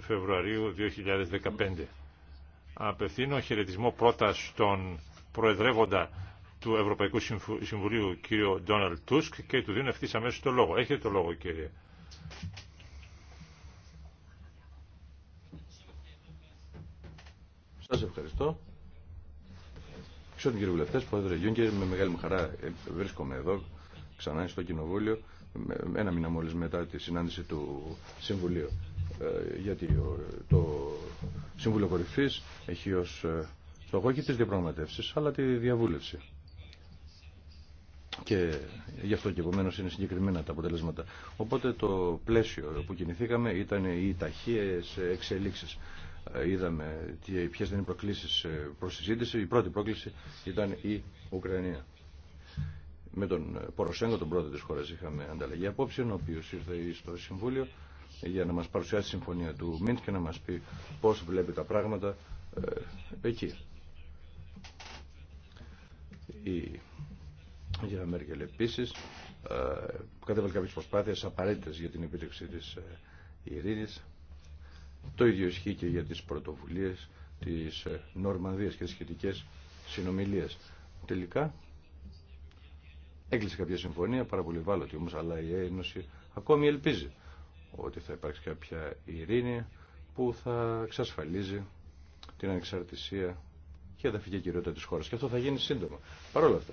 Φεβρουαρίου 2015. Απευθύνω χαιρετισμό πρώτα στον Προεδρεύοντα του Ευρωπαϊκού Συμβουλίου κύριο Ντόναλτ Τούσκ και του δίνω ευθύ αμέσω το λόγο. Έχετε το λόγο κύριε. Σας ευχαριστώ. Ξέρω κύριε Βουλευτέ, Πρόεδρε Γιούγκερ, με μεγάλη μου χαρά βρίσκομαι εδώ ξανά στο Κοινοβούλιο, ένα μήνα μόλι μετά τη συνάντηση του Συμβουλίου. Ε, γιατί το Συμβούλιο Κορυφής έχει ως ε, στόχο όχι τις διαπραγματεύσεις αλλά τη διαβούλευση. Και γι' αυτό και επομένω είναι συγκεκριμένα τα αποτελέσματα. Οπότε το πλαίσιο που κινηθήκαμε ήταν οι ταχείες εξελίξεις. Ε, είδαμε ποιε δεν οι προκλήσεις προς συζήτηση. Η πρώτη πρόκληση ήταν η Ουκρανία. Με τον Ποροσέγκο, τον πρώτο της χώρας, είχαμε ανταλλαγή απόψεων, ο οποίος ήρθε στο Συμβούλιο για να μας παρουσιάσει τη συμφωνία του Μίντ και να μας πει πώς βλέπει τα πράγματα ε, εκεί. Η Αγία Μέρκελ επίσης ε, κατέβαλε κάποιες προσπάθειες απαραίτητες για την επίτευξη της ε, ειρήνης. Το ίδιο ισχύει και για τις πρωτοβουλίες της Νορμανδίας και τις σχετικές συνομιλίες. Τελικά έκλεισε κάποια συμφωνία, πάρα πολύ όμως, αλλά η Ένωση ακόμη ελπίζει ότι θα υπάρξει κάποια ειρήνη που θα εξασφαλίζει την ανεξαρτησία και εδαφική κυριότητα της χώρας. Και αυτό θα γίνει σύντομα. Παρ' όλα αυτά,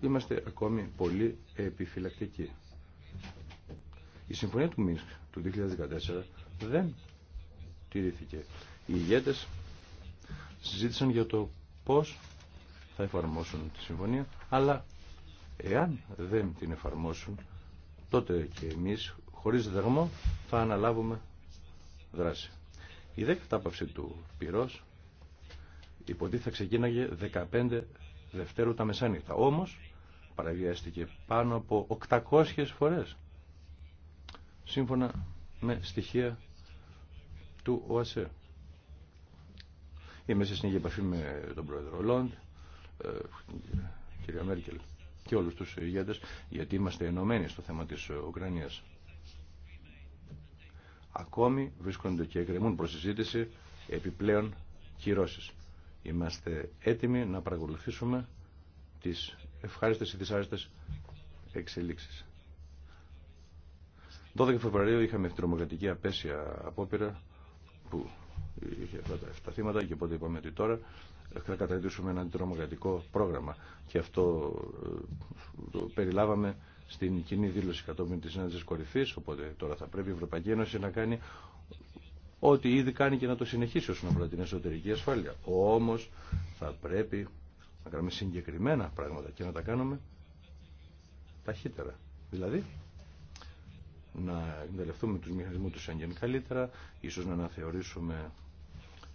είμαστε ακόμη πολύ επιφυλακτικοί. Η συμφωνία του Μίνσκ του 2014 δεν τηρήθηκε. Οι ηγέτες συζήτησαν για το πώς θα εφαρμόσουν τη συμφωνία, αλλά εάν δεν την εφαρμόσουν, τότε και εμείς χωρίς δεγμό θα αναλάβουμε δράση. Η δέκατη του πυρός υποτίθεται ξεκίναγε 15 Δευτέρου τα μεσάνυχτα. Όμως παραβιάστηκε πάνω από 800 φορές σύμφωνα με στοιχεία του ΟΑΣΕ. Είμαι σε συνέχεια επαφή με τον πρόεδρο Λόντ, ε, κυρία Μέρκελ και όλους τους ηγέτες, γιατί είμαστε ενωμένοι στο θέμα της Ουκρανίας ακόμη βρίσκονται και εκκρεμούν προς επιπλέον κυρώσεις. Είμαστε έτοιμοι να παρακολουθήσουμε τις ευχάριστες ή δυσάρεστες εξελίξεις. 12 Φεβρουαρίου είχαμε την τρομοκρατική απέσια απόπειρα που είχε αυτά τα θύματα και οπότε είπαμε ότι τώρα θα καταρτήσουμε ένα αντιτρομοκρατικό πρόγραμμα. Και αυτό ε, το περιλάβαμε στην κοινή δήλωση κατόπιν της συνάντησης κορυφής Οπότε τώρα θα πρέπει η Ευρωπαϊκή Ένωση να κάνει ό,τι ήδη κάνει και να το συνεχίσει όσον αφορά την εσωτερική ασφάλεια. Όμως θα πρέπει να κάνουμε συγκεκριμένα πράγματα και να τα κάνουμε ταχύτερα. Δηλαδή, να εκμεταλλευτούμε τους μηχανισμούς του Σαγγεν καλύτερα, ίσως να αναθεωρήσουμε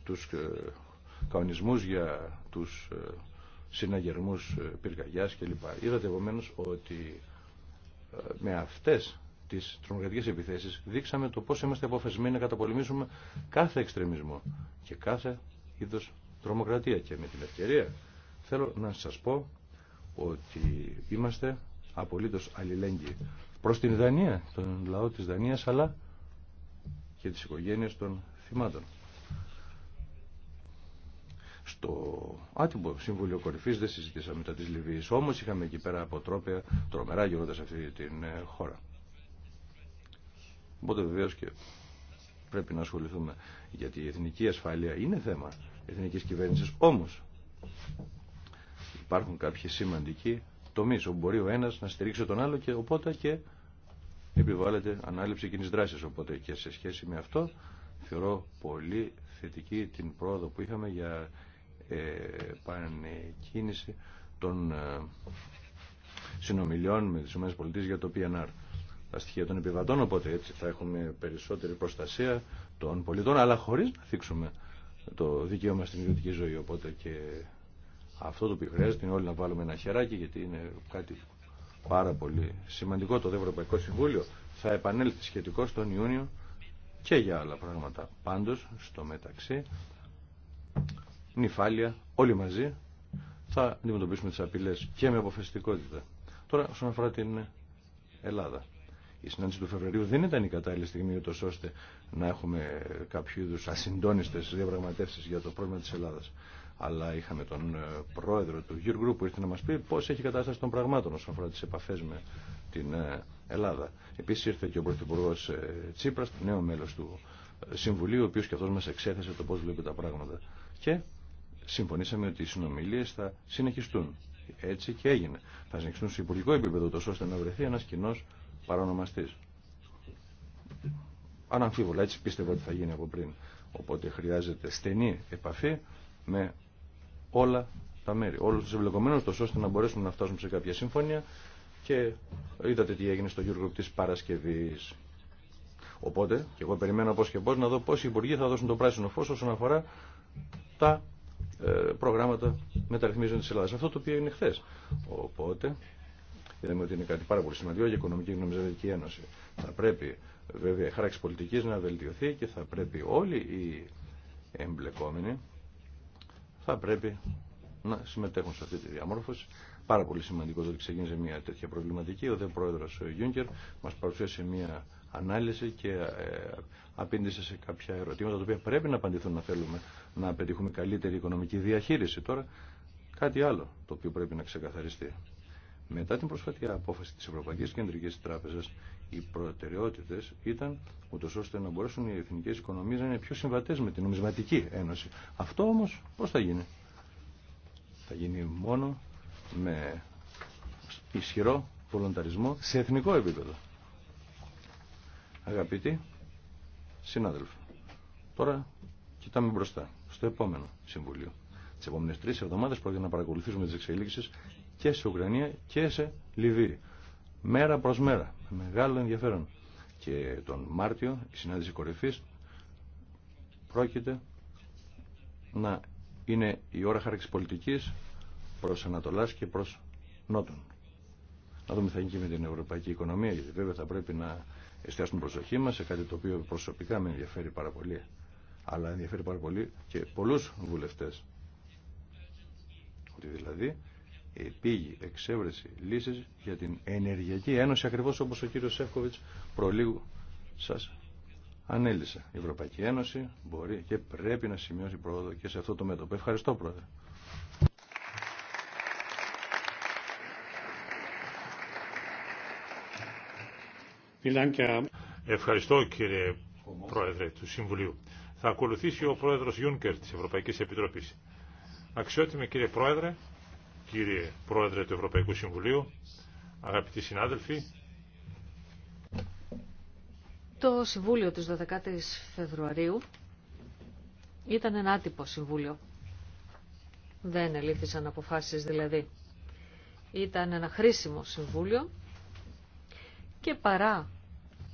τους ε, κανονισμούς για τους ε, συναγερμούς ε, πυρκαγιάς κλπ. Είδατε επομένω ότι με αυτές τις τρομοκρατικές επιθέσεις δείξαμε το πώς είμαστε αποφασισμένοι να καταπολεμήσουμε κάθε εξτρεμισμό και κάθε είδος τρομοκρατία. Και με την ευκαιρία θέλω να σας πω ότι είμαστε απολύτως αλληλέγγυοι προς την Δανία, τον λαό της Δανίας, αλλά και τις οικογένειες των θυμάτων στο άτιμο Συμβούλιο Κορυφή δεν συζητήσαμε μετά τη Λιβύη. Όμω είχαμε εκεί πέρα αποτρόπαια τρομερά γεγονότα σε αυτή την ε, χώρα. Οπότε βεβαίω και πρέπει να ασχοληθούμε. Γιατί η εθνική ασφάλεια είναι θέμα εθνική κυβέρνηση. Όμω υπάρχουν κάποιοι σημαντικοί τομεί όπου μπορεί ο ένα να στηρίξει τον άλλο και οπότε και επιβάλλεται ανάληψη κοινή δράση. Οπότε και σε σχέση με αυτό θεωρώ πολύ θετική την πρόοδο που είχαμε για επανεκκίνηση των ε, συνομιλιών με τις ΗΠΑ για το PNR τα στοιχεία των επιβατών, οπότε έτσι θα έχουμε περισσότερη προστασία των πολιτών, αλλά χωρίς να θίξουμε το δικαίωμα στην ιδιωτική ζωή. Οπότε και αυτό το οποίο χρειάζεται είναι όλοι να βάλουμε ένα χεράκι, γιατί είναι κάτι πάρα πολύ σημαντικό. Το Ευρωπαϊκό Συμβούλιο θα επανέλθει σχετικό τον Ιούνιο και για άλλα πράγματα. Πάντως, στο μεταξύ, νυφάλια, όλοι μαζί, θα αντιμετωπίσουμε τις απειλές και με αποφασιστικότητα. Τώρα, όσον αφορά την Ελλάδα. Η συνάντηση του Φεβρουαρίου δεν ήταν η κατάλληλη στιγμή, ούτως ώστε να έχουμε κάποιο είδους ασυντόνιστες διαπραγματεύσεις για το πρόβλημα της Ελλάδας. Αλλά είχαμε τον ε, πρόεδρο του Eurogroup που ήρθε να μας πει πώς έχει κατάσταση των πραγμάτων όσον αφορά τις επαφές με την ε, Ελλάδα. Επίσης ήρθε και ο Πρωθυπουργό ε, Τσίπρας, νέο μέλος του Συμβουλίου, ο οποίος και αυτός μας εξέθεσε το πώς βλέπει τα πράγματα. Και συμφωνήσαμε ότι οι συνομιλίε θα συνεχιστούν. Έτσι και έγινε. Θα συνεχιστούν σε υπουργικό επίπεδο τόσο ώστε να βρεθεί ένα κοινό παρονομαστής. Αναμφίβολα, έτσι πίστευα ότι θα γίνει από πριν. Οπότε χρειάζεται στενή επαφή με όλα τα μέρη, όλου του εμπλεκομένου, τόσο ώστε να μπορέσουμε να φτάσουμε σε κάποια σύμφωνια και είδατε τι έγινε στο Eurogroup τη Παρασκευής. Οπότε, και εγώ περιμένω πώ και πώ να δω πώ οι υπουργοί θα δώσουν το πράσινο φω όσον αφορά τα ε, προγράμματα μεταρρυθμίζουν τη Ελλάδα. Αυτό το οποίο είναι χθε. Οπότε, είδαμε ότι είναι κάτι πάρα πολύ σημαντικό για Οικονομική και Ένωση. Θα πρέπει βέβαια η χάραξη πολιτικής να βελτιωθεί και θα πρέπει όλοι οι εμπλεκόμενοι θα πρέπει να συμμετέχουν σε αυτή τη διαμόρφωση. Πάρα πολύ σημαντικό ότι ξεκίνησε μια τέτοια προβληματική. Ο δε πρόεδρος Γιούγκερ μα παρουσίασε μια ανάλυση και ε, απήντησε σε κάποια ερωτήματα τα οποία πρέπει να απαντηθούν να θέλουμε να πετύχουμε καλύτερη οικονομική διαχείριση. Τώρα κάτι άλλο το οποίο πρέπει να ξεκαθαριστεί. Μετά την προσφατή απόφαση της Ευρωπαϊκής Κεντρικής Τράπεζας, οι προτεραιότητες ήταν ούτως ώστε να μπορέσουν οι εθνικές οικονομίες να είναι πιο συμβατές με την νομισματική ένωση. Αυτό όμως πώς θα γίνει. Θα γίνει μόνο με ισχυρό βολονταρισμό σε εθνικό επίπεδο. Αγαπητοί συνάδελφοι, τώρα κοιτάμε μπροστά, στο επόμενο Συμβουλίο. Τι επόμενε τρει εβδομάδε πρόκειται να παρακολουθήσουμε τι εξελίξει και σε Ουκρανία και σε Λιβύη. Μέρα προ μέρα, με μεγάλο ενδιαφέρον. Και τον Μάρτιο η συνάντηση κορυφή πρόκειται να είναι η ώρα χάραξης πολιτικής προς Ανατολάς και προς Νότον. Να δούμε τι θα γίνει και με την ευρωπαϊκή οικονομία, γιατί βέβαια θα πρέπει να εστιάσουμε προσοχή μας σε κάτι το οποίο προσωπικά με ενδιαφέρει πάρα πολύ, αλλά ενδιαφέρει πάρα πολύ και πολλούς βουλευτές. Ότι δηλαδή πήγη εξέβρεση λύσεις για την Ενεργειακή Ένωση, ακριβώς όπως ο κύριος Σεύκοβιτς προλίγου σας ανέλησε. Η Ευρωπαϊκή Ένωση μπορεί και πρέπει να σημειώσει πρόοδο και σε αυτό το μέτωπο. Ευχαριστώ, Πρόεδρε. Ευχαριστώ κύριε Πρόεδρε του Συμβουλίου. Θα ακολουθήσει ο Πρόεδρος Γιούνκερ της Ευρωπαϊκής Επιτροπής. Αξιότιμε κύριε Πρόεδρε, κύριε Πρόεδρε του Ευρωπαϊκού Συμβουλίου, αγαπητοί συνάδελφοι. Το Συμβούλιο της 12 η Φεβρουαρίου ήταν ένα άτυπο Συμβούλιο. Δεν ελήφθησαν αποφάσεις δηλαδή. Ήταν ένα χρήσιμο Συμβούλιο και παρά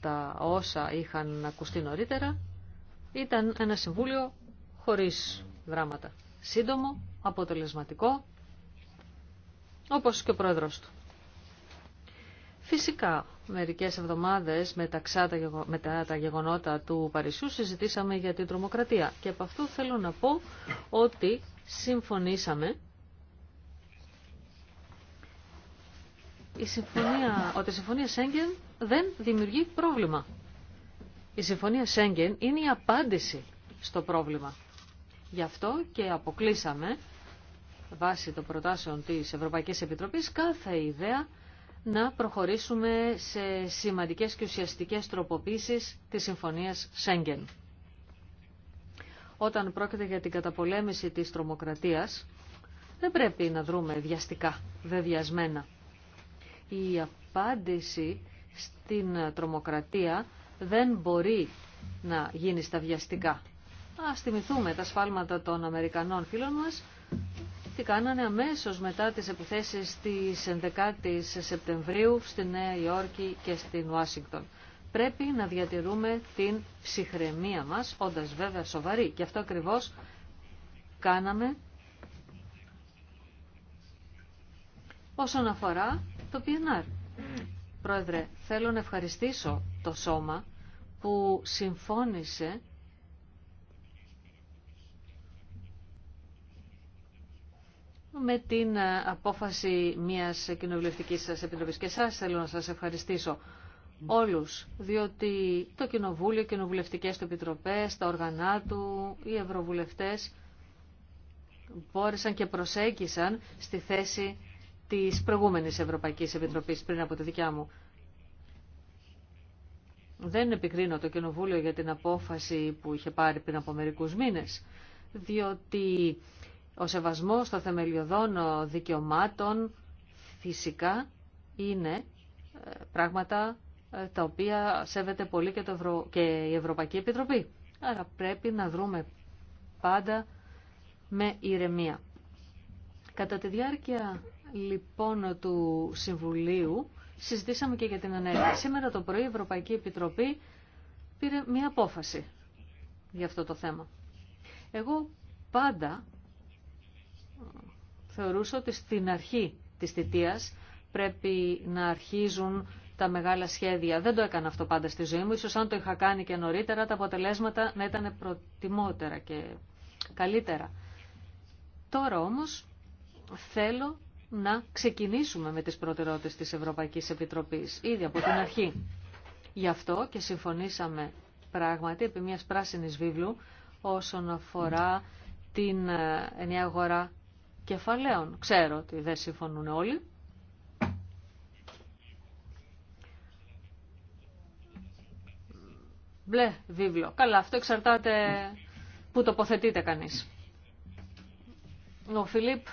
τα όσα είχαν ακουστεί νωρίτερα, ήταν ένα συμβούλιο χωρίς δράματα. Σύντομο, αποτελεσματικό, όπως και ο πρόεδρος του. Φυσικά, μερικές εβδομάδες μετά τα γεγονότα του Παρισιού συζητήσαμε για την τρομοκρατία και από αυτού θέλω να πω ότι συμφωνήσαμε η συμφωνία, ότι η συμφωνία Σέγγεν δεν δημιουργεί πρόβλημα. Η Συμφωνία Σέγγεν είναι η απάντηση στο πρόβλημα. Γι' αυτό και αποκλείσαμε, βάσει των προτάσεων της Ευρωπαϊκής Επιτροπής, κάθε ιδέα να προχωρήσουμε σε σημαντικές και ουσιαστικές τροποποίησεις της Συμφωνίας Σέγγεν. Όταν πρόκειται για την καταπολέμηση της τρομοκρατίας, δεν πρέπει να δρούμε βιαστικά, βεβιασμένα. Η απάντηση στην τρομοκρατία δεν μπορεί να γίνει στα βιαστικά. Α θυμηθούμε τα σφάλματα των Αμερικανών φίλων μας, τι κάνανε αμέσως μετά τις επιθέσεις της 11ης Σεπτεμβρίου στη Νέα Υόρκη και στην Ουάσιγκτον. Πρέπει να διατηρούμε την ψυχραιμία μας, όντας βέβαια σοβαρή. Και αυτό ακριβώς κάναμε όσον αφορά το PNR. Πρόεδρε, θέλω να ευχαριστήσω το Σώμα που συμφώνησε με την ε, απόφαση μιας κοινοβουλευτικής σας επιτροπής. Και σας θέλω να σας ευχαριστήσω όλους, διότι το Κοινοβούλιο, οι κοινοβουλευτικές του επιτροπές, τα οργανά του, οι ευρωβουλευτές μπόρεσαν και προσέγγισαν στη θέση της προηγούμενης Ευρωπαϊκής Επιτροπής πριν από τη δικιά μου. Δεν επικρίνω το Κοινοβούλιο για την απόφαση που είχε πάρει πριν από μερικούς μήνες, διότι ο σεβασμός των θεμελιωδών δικαιωμάτων φυσικά είναι ε, πράγματα ε, τα οποία σέβεται πολύ και, το και η Ευρωπαϊκή Επιτροπή. Άρα πρέπει να δρούμε πάντα με ηρεμία. Κατά τη διάρκεια λοιπόν του Συμβουλίου συζητήσαμε και για την ενέργεια. Σήμερα το πρωί η Ευρωπαϊκή Επιτροπή πήρε μια απόφαση για αυτό το θέμα. Εγώ πάντα θεωρούσα ότι στην αρχή της θητείας πρέπει να αρχίζουν τα μεγάλα σχέδια. Δεν το έκανα αυτό πάντα στη ζωή μου. Ίσως αν το είχα κάνει και νωρίτερα, τα αποτελέσματα να ήταν προτιμότερα και καλύτερα. Τώρα όμως θέλω να ξεκινήσουμε με τις προτεραιότητες της Ευρωπαϊκής Επιτροπής ήδη από την αρχή. Γι' αυτό και συμφωνήσαμε πράγματι επί μιας πράσινης βίβλου όσον αφορά την ε, ενιαία αγορά κεφαλαίων. Ξέρω ότι δεν συμφωνούν όλοι. Μπλε βίβλο. Καλά, αυτό εξαρτάται που τοποθετείται κανείς. Ο Φιλίπ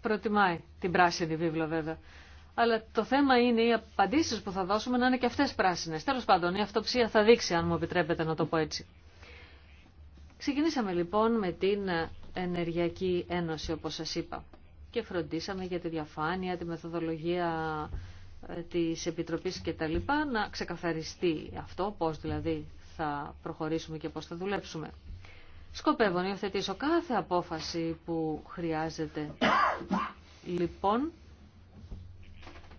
προτιμάει την πράσινη βίβλο βέβαια. Αλλά το θέμα είναι οι απαντήσεις που θα δώσουμε να είναι και αυτές πράσινες. Τέλος πάντων, η αυτοψία θα δείξει, αν μου επιτρέπετε να το πω έτσι. Ξεκινήσαμε λοιπόν με την Ενεργειακή Ένωση, όπως σας είπα. Και φροντίσαμε για τη διαφάνεια, τη μεθοδολογία ε, της Επιτροπής και τα λοιπά, να ξεκαθαριστεί αυτό, πώς δηλαδή θα προχωρήσουμε και πώς θα δουλέψουμε. Σκοπεύω να υιοθετήσω κάθε απόφαση που χρειάζεται λοιπόν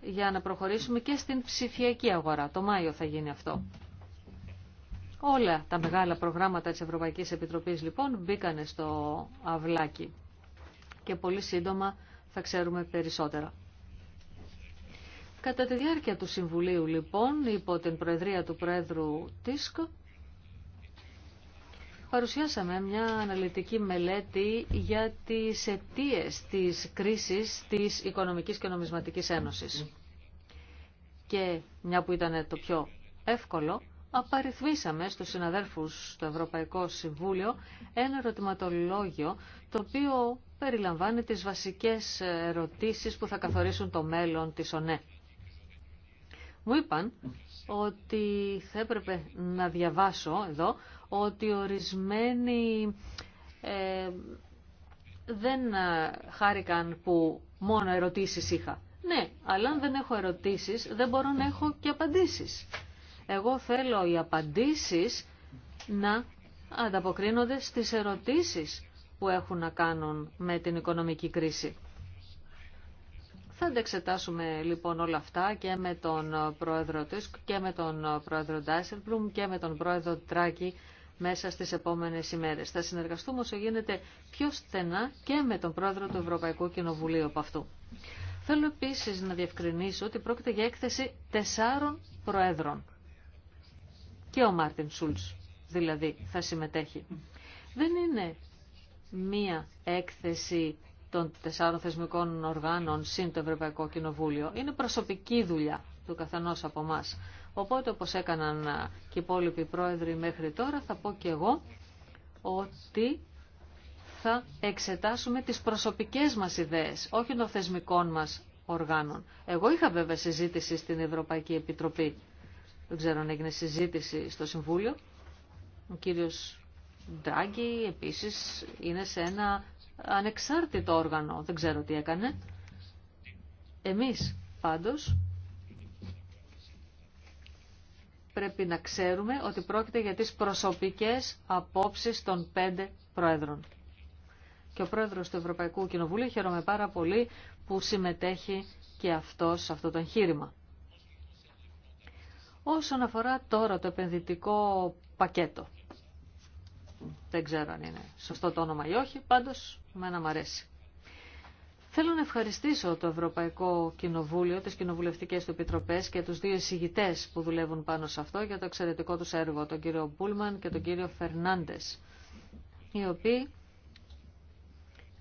για να προχωρήσουμε και στην ψηφιακή αγορά. Το Μάιο θα γίνει αυτό. Όλα τα μεγάλα προγράμματα της Ευρωπαϊκής Επιτροπής λοιπόν μπήκανε στο αυλάκι και πολύ σύντομα θα ξέρουμε περισσότερα. Κατά τη διάρκεια του Συμβουλίου λοιπόν, υπό την Προεδρία του Πρόεδρου Τίσκο, παρουσιάσαμε μια αναλυτική μελέτη για τις αιτίες της κρίσης της Οικονομικής και Νομισματικής Ένωσης. Και μια που ήταν το πιο εύκολο, απαριθμίσαμε στους συναδέλφους στο Ευρωπαϊκό Συμβούλιο ένα ερωτηματολόγιο το οποίο περιλαμβάνει τις βασικές ερωτήσεις που θα καθορίσουν το μέλλον της ΟΝΕ. Μου είπαν ότι θα έπρεπε να διαβάσω εδώ ότι ορισμένοι ε, δεν χάρηκαν που μόνο ερωτήσεις είχα. Ναι, αλλά αν δεν έχω ερωτήσεις δεν μπορώ να έχω και απαντήσεις. Εγώ θέλω οι απαντήσεις να ανταποκρίνονται στις ερωτήσεις που έχουν να κάνουν με την οικονομική κρίση. Θα αντεξετάσουμε λοιπόν όλα αυτά και με τον πρόεδρο Τισκ και με τον πρόεδρο Ντάισελπλουμ και με τον πρόεδρο Τράκη μέσα στις επόμενες ημέρες. Θα συνεργαστούμε όσο γίνεται πιο στενά και με τον πρόεδρο του Ευρωπαϊκού Κοινοβουλίου από αυτού. Θέλω επίσης να διευκρινίσω ότι πρόκειται για έκθεση τεσσάρων προέδρων. Και ο Μάρτιν Σούλτς δηλαδή θα συμμετέχει. Δεν είναι μία έκθεση των τεσσάρων θεσμικών οργάνων συν το Ευρωπαϊκό Κοινοβούλιο. Είναι προσωπική δουλειά του καθενός από εμά. Οπότε όπως έκαναν και οι υπόλοιποι πρόεδροι μέχρι τώρα θα πω και εγώ ότι θα εξετάσουμε τις προσωπικές μας ιδέες, όχι των θεσμικών μας οργάνων. Εγώ είχα βέβαια συζήτηση στην Ευρωπαϊκή Επιτροπή. Δεν ξέρω αν έγινε συζήτηση στο Συμβούλιο. Ο κύριος Ντράγκη επίσης είναι σε ένα ανεξάρτητο όργανο. Δεν ξέρω τι έκανε. Εμείς πάντως πρέπει να ξέρουμε ότι πρόκειται για τις προσωπικές απόψεις των πέντε πρόεδρων. Και ο πρόεδρος του Ευρωπαϊκού Κοινοβουλίου χαίρομαι πάρα πολύ που συμμετέχει και αυτός σε αυτό το εγχείρημα. Όσον αφορά τώρα το επενδυτικό πακέτο, δεν ξέρω αν είναι σωστό το όνομα ή όχι, πάντως με να μ' αρέσει. Θέλω να ευχαριστήσω το Ευρωπαϊκό Κοινοβούλιο, τις κοινοβουλευτικές του επιτροπές και τους δύο εισηγητές που δουλεύουν πάνω σε αυτό για το εξαιρετικό τους έργο, τον κύριο Μπούλμαν και τον κύριο Φερνάντες, οι οποίοι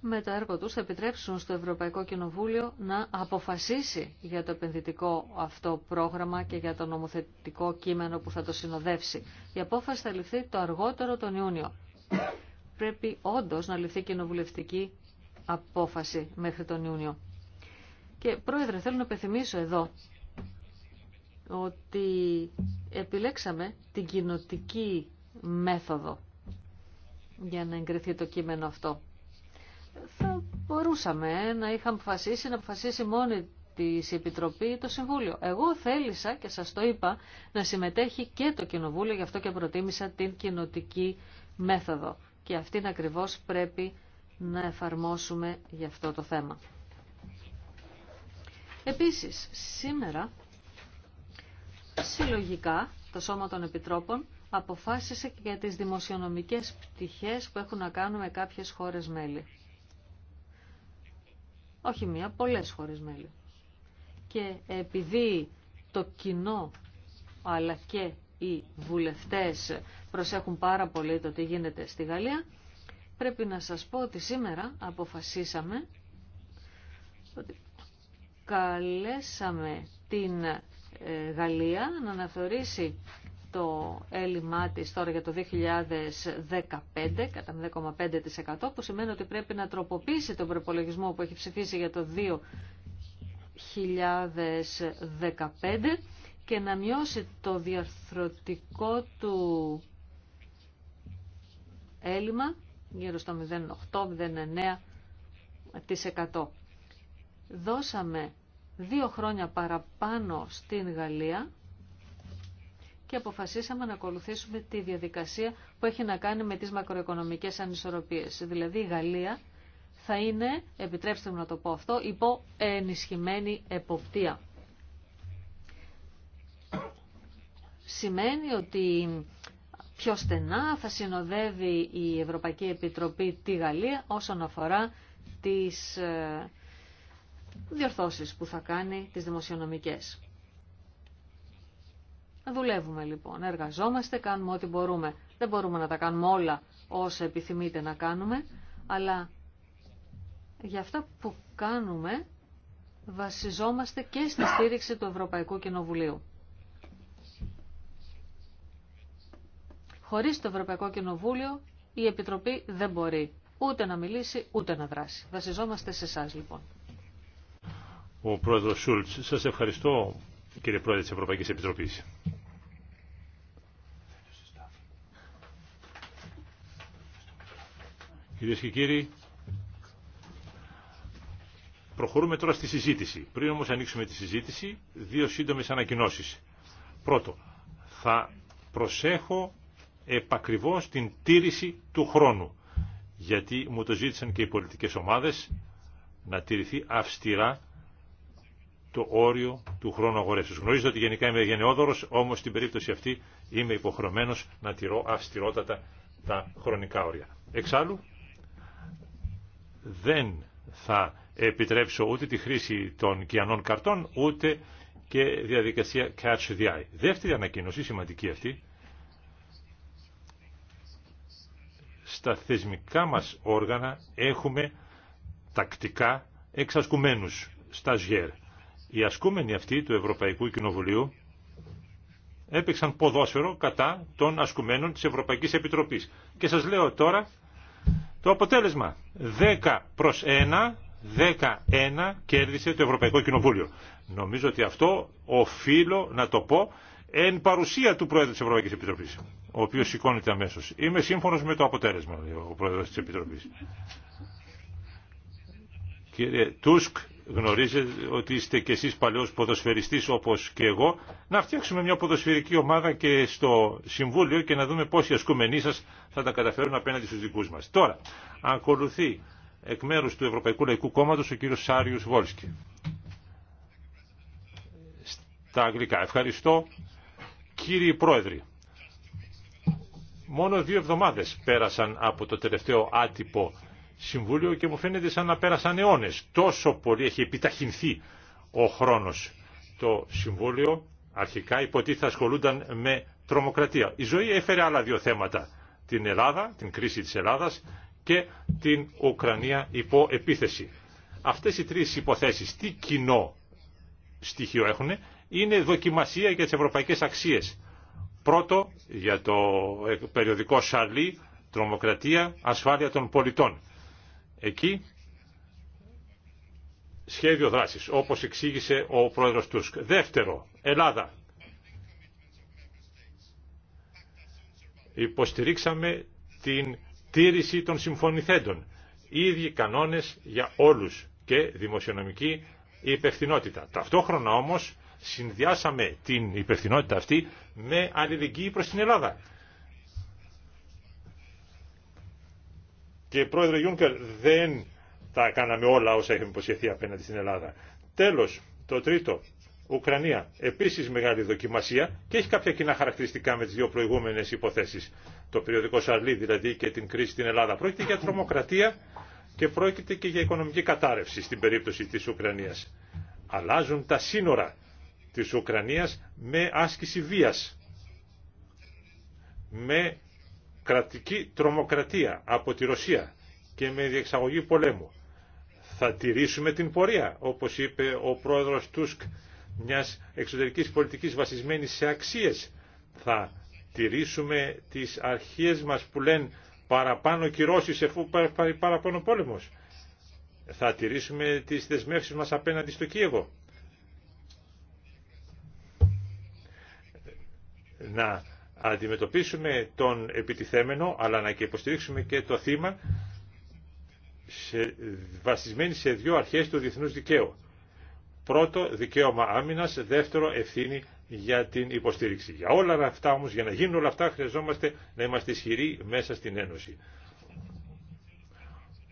με το έργο τους θα επιτρέψουν στο Ευρωπαϊκό Κοινοβούλιο να αποφασίσει για το επενδυτικό αυτό πρόγραμμα και για το νομοθετικό κείμενο που θα το συνοδεύσει. Η απόφαση θα ληφθεί το αργότερο τον Ιούνιο. Πρέπει όντω να ληφθεί κοινοβουλευτική απόφαση μέχρι τον Ιούνιο. Και πρόεδρε, θέλω να πεθυμίσω εδώ ότι επιλέξαμε την κοινοτική μέθοδο για να εγκριθεί το κείμενο αυτό. Θα μπορούσαμε να είχαμε αποφασίσει να αποφασίσει μόνη τη Επιτροπή ή το Συμβούλιο. Εγώ θέλησα και σας το είπα να συμμετέχει και το Κοινοβούλιο, γι' αυτό και προτίμησα την κοινοτική μέθοδο. Και αυτήν ακριβώς πρέπει να εφαρμόσουμε για αυτό το θέμα. Επίσης, σήμερα, συλλογικά, το Σώμα των Επιτρόπων αποφάσισε και για τις δημοσιονομικές πτυχές που έχουν να κάνουν με κάποιες χώρες μέλη. Όχι μία, πολλές χώρες μέλη. Και επειδή το κοινό αλλά και οι βουλευτές προσέχουν πάρα πολύ το τι γίνεται στη Γαλλία, Πρέπει να σας πω ότι σήμερα αποφασίσαμε ότι καλέσαμε την ε, Γαλλία να αναθεωρήσει το έλλειμμά της τώρα για το 2015 κατά 10,5% που σημαίνει ότι πρέπει να τροποποιήσει τον προπολογισμό που έχει ψηφίσει για το 2015 και να μειώσει το διαρθρωτικό του έλλειμμα γύρω στο 0,8-0,9%. Δώσαμε δύο χρόνια παραπάνω στην Γαλλία και αποφασίσαμε να ακολουθήσουμε τη διαδικασία που έχει να κάνει με τις μακροοικονομικές ανισορροπίες. Δηλαδή η Γαλλία θα είναι, επιτρέψτε μου να το πω αυτό, υπό ενισχυμένη εποπτεία. Σημαίνει ότι πιο στενά θα συνοδεύει η Ευρωπαϊκή Επιτροπή τη Γαλλία όσον αφορά τις ε, διορθώσεις που θα κάνει τις δημοσιονομικές. Δουλεύουμε λοιπόν, εργαζόμαστε, κάνουμε ό,τι μπορούμε. Δεν μπορούμε να τα κάνουμε όλα όσα επιθυμείτε να κάνουμε, αλλά για αυτά που κάνουμε βασιζόμαστε και στη στήριξη του Ευρωπαϊκού Κοινοβουλίου. Χωρίς το Ευρωπαϊκό Κοινοβούλιο η Επιτροπή δεν μπορεί ούτε να μιλήσει ούτε να δράσει. Βασιζόμαστε σε εσά λοιπόν. Ο Πρόεδρος Σούλτς, σας ευχαριστώ κύριε Πρόεδρε της Ευρωπαϊκής Επιτροπής. Κυρίες και κύριοι, προχωρούμε τώρα στη συζήτηση. Πριν όμως ανοίξουμε τη συζήτηση, δύο σύντομες ανακοινώσεις. Πρώτο, θα προσέχω επακριβώς την τήρηση του χρόνου. Γιατί μου το ζήτησαν και οι πολιτικές ομάδες να τηρηθεί αυστηρά το όριο του χρόνου αγορεύσεως. Γνωρίζετε ότι γενικά είμαι γενναιόδωρος, όμως στην περίπτωση αυτή είμαι υποχρεωμένος να τηρώ αυστηρότατα τα χρονικά όρια. Εξάλλου, δεν θα επιτρέψω ούτε τη χρήση των κιανών καρτών, ούτε και διαδικασία catch the eye. Δεύτερη ανακοίνωση, σημαντική αυτή, στα θεσμικά μας όργανα έχουμε τακτικά εξασκουμένους σταζιέρ. Οι ασκούμενοι αυτοί του Ευρωπαϊκού Κοινοβουλίου έπαιξαν ποδόσφαιρο κατά των ασκουμένων της Ευρωπαϊκής Επιτροπής. Και σας λέω τώρα το αποτέλεσμα. 10 προς 1, 10-1 κέρδισε το Ευρωπαϊκό Κοινοβούλιο. Νομίζω ότι αυτό οφείλω να το πω εν παρουσία του Πρόεδρου της Ευρωπαϊκής Επιτροπής ο οποίος σηκώνεται αμέσως. Είμαι σύμφωνος με το αποτέλεσμα, λέει ο Πρόεδρος της Επιτροπής. Κύριε Τούσκ, γνωρίζετε ότι είστε κι εσείς παλαιός ποδοσφαιριστής όπως και εγώ. Να φτιάξουμε μια ποδοσφαιρική ομάδα και στο Συμβούλιο και να δούμε πόσοι ασκουμενοί σας θα τα καταφέρουν απέναντι στους δικούς μας. Τώρα, ακολουθεί εκ μέρους του Ευρωπαϊκού Λαϊκού Κόμματος ο κύριος Σάριου Βόλσκι. Στα αγγλικά. Ευχαριστώ. Κύριοι Πρόεδροι, Μόνο δύο εβδομάδες πέρασαν από το τελευταίο άτυπο συμβούλιο και μου φαίνεται σαν να πέρασαν αιώνες. Τόσο πολύ έχει επιταχυνθεί ο χρόνος. Το συμβούλιο αρχικά υποτίθεται ασχολούνταν με τρομοκρατία. Η ζωή έφερε άλλα δύο θέματα. Την Ελλάδα, την κρίση της Ελλάδας και την Ουκρανία υπό επίθεση. Αυτές οι τρεις υποθέσεις τι κοινό στοιχείο έχουν είναι δοκιμασία για τις ευρωπαϊκές αξίες. Πρώτο, για το ε, περιοδικό Σαρλί, τρομοκρατία, ασφάλεια των πολιτών. Εκεί σχέδιο δράσης, όπως εξήγησε ο πρόεδρος Τούσκ. Δεύτερο, Ελλάδα. Υποστηρίξαμε την τήρηση των συμφωνηθέντων. Ίδιοι κανόνες για όλους και δημοσιονομική υπευθυνότητα. Ταυτόχρονα όμως συνδυάσαμε την υπευθυνότητα αυτή με αλληλεγγύη προς την Ελλάδα. Και πρόεδρε Γιούνκερ, δεν τα κάναμε όλα όσα είχαμε υποσχεθεί απέναντι στην Ελλάδα. Τέλος, το τρίτο, Ουκρανία. Επίσης μεγάλη δοκιμασία και έχει κάποια κοινά χαρακτηριστικά με τις δύο προηγούμενες υποθέσεις. Το περιοδικό Σαρλί δηλαδή και την κρίση στην Ελλάδα. Πρόκειται για τρομοκρατία και πρόκειται και για οικονομική κατάρρευση στην περίπτωση της Ουκρανίας. Αλλάζουν τα σύνορα της Ουκρανίας με άσκηση βίας, με κρατική τρομοκρατία από τη Ρωσία και με διεξαγωγή πολέμου. Θα τηρήσουμε την πορεία, όπως είπε ο πρόεδρος Τούσκ, μιας εξωτερικής πολιτικής βασισμένης σε αξίες. Θα τηρήσουμε τις αρχές μας που λένε παραπάνω κυρώσεις εφού παραπάνω πόλεμος. Θα τηρήσουμε τις δεσμεύσεις μας απέναντι στο Κίεβο. να αντιμετωπίσουμε τον επιτιθέμενο αλλά να και υποστηρίξουμε και το θύμα σε, βασισμένη σε δύο αρχές του διεθνούς δικαίου. Πρώτο, δικαίωμα άμυνας. Δεύτερο, ευθύνη για την υποστήριξη. Για όλα αυτά όμως, για να γίνουν όλα αυτά, χρειαζόμαστε να είμαστε ισχυροί μέσα στην Ένωση.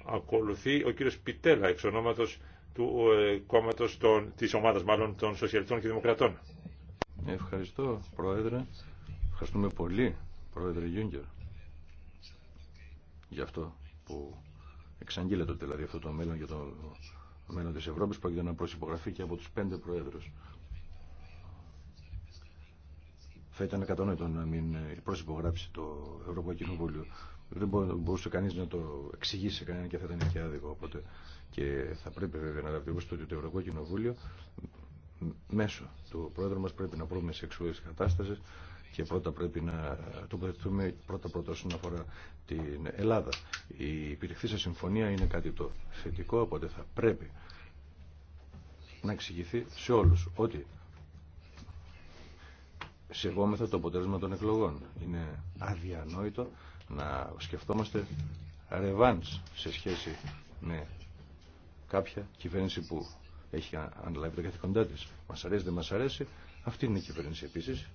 Ακολουθεί ο κύριος Πιτέλα, εξ ονόματος του ε, κόμματος των, της ομάδας μάλλον των Σοσιαλιστών και Δημοκρατών. Ευχαριστώ, Πρόεδρε. Ευχαριστούμε πολύ, Πρόεδρε Γιούγκερ, για αυτό που εξαγγείλεται δηλαδή αυτό το μέλλον για το μέλλον της Ευρώπης έγινε να προσυπογραφεί και από τους πέντε Προέδρους. Θα ήταν κατανοητό να μην προσυπογράψει το Ευρωπαϊκό Κοινοβούλιο. Δεν μπορούσε κανείς να το εξηγήσει κανέναν και θα ήταν και άδικο. Οπότε και θα πρέπει βέβαια να διδαχτούμε ότι το Ευρωπαϊκό Κοινοβούλιο Μέσω του πρόεδρου μας πρέπει να βρούμε σε εξουσίες κατάστασης και πρώτα πρέπει να τοποθετηθούμε πρώτα πρώτα όσον αφορά την Ελλάδα. Η υπηρεχθήσα συμφωνία είναι κάτι το θετικό, οπότε θα πρέπει να εξηγηθεί σε όλους ότι σεβόμεθα το αποτέλεσμα των εκλογών. Είναι αδιανόητο να σκεφτόμαστε ρεβάνς σε σχέση με κάποια κυβέρνηση που έχει αναλάβει τα καθηκοντά τη. Μα αρέσει, δεν μα αρέσει. Αυτή είναι η κυβέρνηση επίση.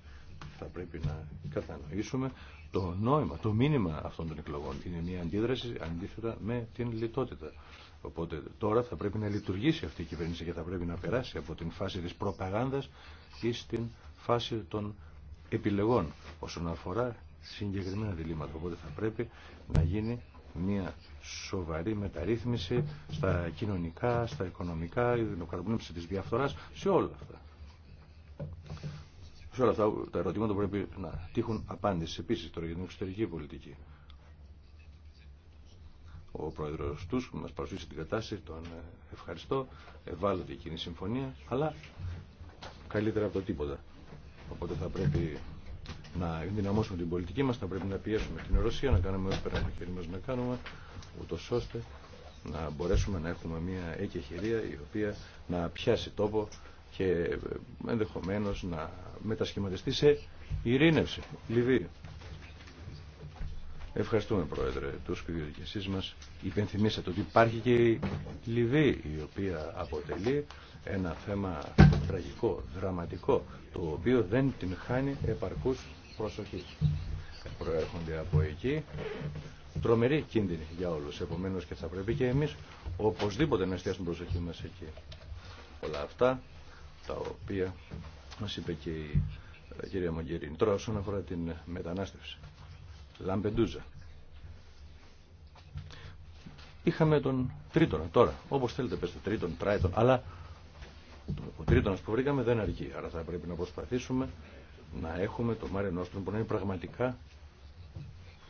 Θα πρέπει να κατανοήσουμε το νόημα, το μήνυμα αυτών των εκλογών. Είναι μια αντίδραση αντίθετα με την λιτότητα. Οπότε τώρα θα πρέπει να λειτουργήσει αυτή η κυβέρνηση και θα πρέπει να περάσει από την φάση της προπαγάνδας ή στην φάση των επιλεγών όσον αφορά συγκεκριμένα διλήμματα. Οπότε θα πρέπει να γίνει μια σοβαρή μεταρρύθμιση στα κοινωνικά, στα οικονομικά, η δημοκρατία τη διαφθορά, σε όλα αυτά. Σε όλα αυτά τα ερωτήματα πρέπει να τύχουν απάντηση επίσης τώρα για την εξωτερική πολιτική. Ο πρόεδρο τους που μα παρουσίασε την κατάσταση, τον ευχαριστώ, ευάλωτη εκείνη η συμφωνία, αλλά καλύτερα από το τίποτα. Οπότε θα πρέπει να ενδυναμώσουμε την πολιτική μας, να πρέπει να πιέσουμε την Ρωσία, να κάνουμε ό,τι πέρα χέρι μας να κάνουμε, ούτω ώστε να μπορέσουμε να έχουμε μια εκεχηρία η οποία να πιάσει τόπο και ε, ενδεχομένως να μετασχηματιστεί σε ειρήνευση, Λιβύη. Ευχαριστούμε Πρόεδρε τους και εσείς μας. Υπενθυμίσατε ότι υπάρχει και η Λιβύη η οποία αποτελεί ένα θέμα τραγικό, δραματικό, το οποίο δεν την χάνει επαρκούς προσοχή. Προέρχονται από εκεί τρομερή κίνδυνη για όλους. Επομένως και θα πρέπει και εμείς οπωσδήποτε να εστιάσουμε προσοχή μας εκεί. Όλα αυτά τα οποία μας είπε και η ε, κυρία Μογκερίνη. Τώρα όσον αφορά την μετανάστευση. Λαμπεντούζα. Είχαμε τον τρίτον τώρα, όπως θέλετε πέστε, τρίτον, τράιτον, αλλά ο τρίτονας που βρήκαμε δεν αρκεί. Άρα θα πρέπει να προσπαθήσουμε να έχουμε το Μάρε Νόστρομ που να είναι πραγματικά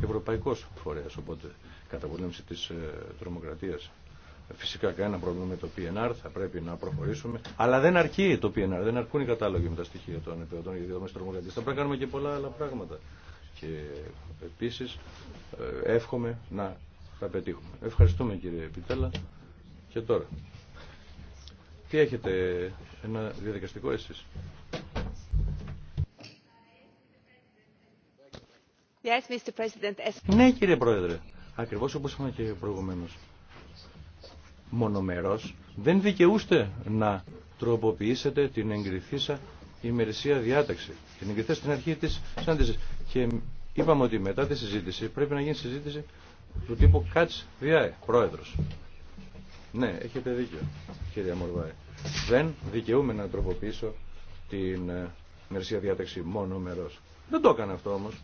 ευρωπαϊκός φορέας, οπότε καταπολέμηση της ε, τρομοκρατίας. Φυσικά κανένα πρόβλημα με το PNR, θα πρέπει να προχωρήσουμε. Αλλά δεν αρκεί το PNR, δεν αρκούν οι κατάλογοι με τα στοιχεία των επιβατών για δεδομένε τρομοκρατία. Θα πρέπει να κάνουμε και πολλά άλλα πράγματα. Και επίση ε, εύχομαι να τα πετύχουμε. Ευχαριστούμε κύριε Πιτέλα. Και τώρα. Τι έχετε, ένα διαδικαστικό εσείς. Ναι, κύριε Πρόεδρε. Ακριβώς όπως είπαμε και προηγουμένως. Μονομερός δεν δικαιούστε να τροποποιήσετε την εγκριθήσα ημερησία διάταξη. Την εγκριθέ στην αρχή της συνάντησης. Και είπαμε ότι μετά τη συζήτηση πρέπει να γίνει συζήτηση του τύπου Κάτς Διάε, πρόεδρος. Ναι, έχετε δίκιο, κύριε Μορβάη. Δεν δικαιούμαι να τροποποιήσω την ε, ημερησία διάταξη μονομερός Δεν το έκανα αυτό όμως.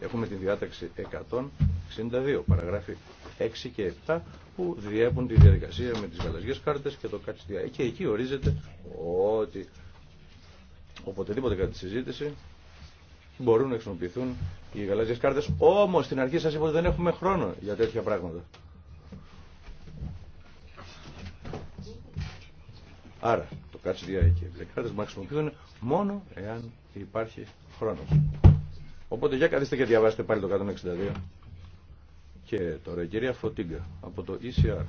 Έχουμε τη διάταξη 162, παραγράφη 6 και 7, που διέπουν τη διαδικασία με τις γαλαζιές κάρτες και το κάτι Και εκεί ορίζεται ότι οποτεδήποτε κατά τη συζήτηση μπορούν να χρησιμοποιηθούν οι γαλαζιές κάρτες. Όμως στην αρχή σας είπα ότι δεν έχουμε χρόνο για τέτοια πράγματα. Άρα το κάτσε και Οι κάρτες μπορούν να μόνο εάν υπάρχει χρόνο Οπότε για καθίστε και διαβάστε πάλι το 162. Και τώρα η κυρία Φωτίγκα από το ECR.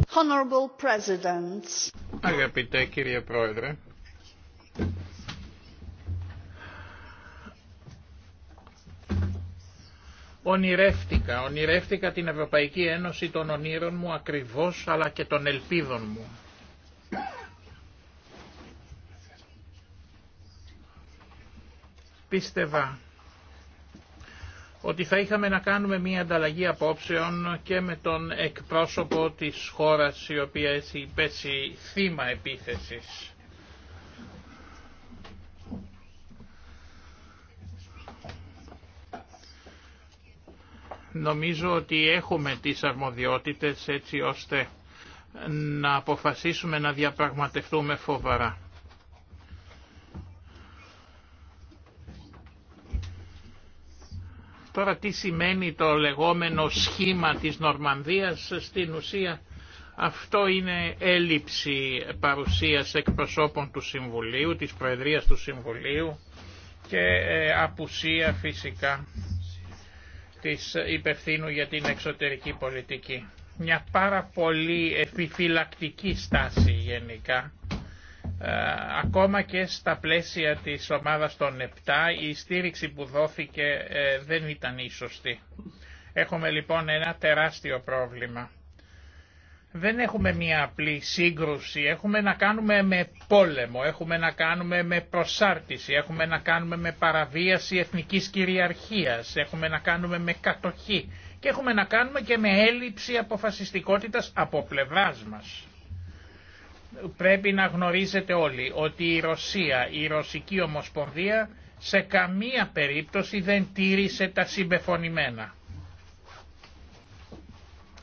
Honorable President. Αγαπητέ κύριε Πρόεδρε, ονειρεύτηκα, ονειρεύτηκα την Ευρωπαϊκή Ένωση των ονείρων μου ακριβώς αλλά και των ελπίδων μου. Πίστευα ότι θα είχαμε να κάνουμε μία ανταλλαγή απόψεων και με τον εκπρόσωπο της χώρας η οποία έχει πέσει θύμα επίθεσης. Νομίζω ότι έχουμε τις αρμοδιότητες έτσι ώστε να αποφασίσουμε να διαπραγματευτούμε φοβαρά. Τώρα τι σημαίνει το λεγόμενο σχήμα της Νορμανδίας στην ουσία αυτό είναι έλλειψη παρουσίας εκπροσώπων του Συμβουλίου, της Προεδρίας του Συμβουλίου και ε, απουσία φυσικά της υπευθύνου για την εξωτερική πολιτική. Μια πάρα πολύ επιφυλακτική στάση γενικά ε, ακόμα και στα πλαίσια της ομάδας των 7 η στήριξη που δόθηκε ε, δεν ήταν η σωστή. Έχουμε λοιπόν ένα τεράστιο πρόβλημα. Δεν έχουμε μία απλή σύγκρουση, έχουμε να κάνουμε με πόλεμο, έχουμε να κάνουμε με προσάρτηση, έχουμε να κάνουμε με παραβίαση εθνικής κυριαρχίας, έχουμε να κάνουμε με κατοχή και έχουμε να κάνουμε και με έλλειψη αποφασιστικότητας από πλευράς μας πρέπει να γνωρίζετε όλοι ότι η Ρωσία, η Ρωσική Ομοσπονδία σε καμία περίπτωση δεν τήρησε τα συμπεφωνημένα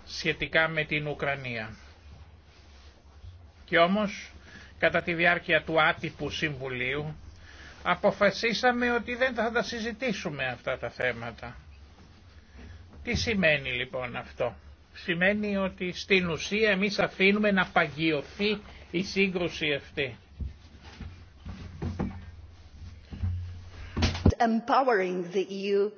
σχετικά με την Ουκρανία. Και όμως κατά τη διάρκεια του άτυπου συμβουλίου αποφασίσαμε ότι δεν θα τα συζητήσουμε αυτά τα θέματα. Τι σημαίνει λοιπόν αυτό. Σημαίνει ότι στην ουσία εμείς αφήνουμε να παγιωθεί η σύγκρουση αυτή. Empowering the EU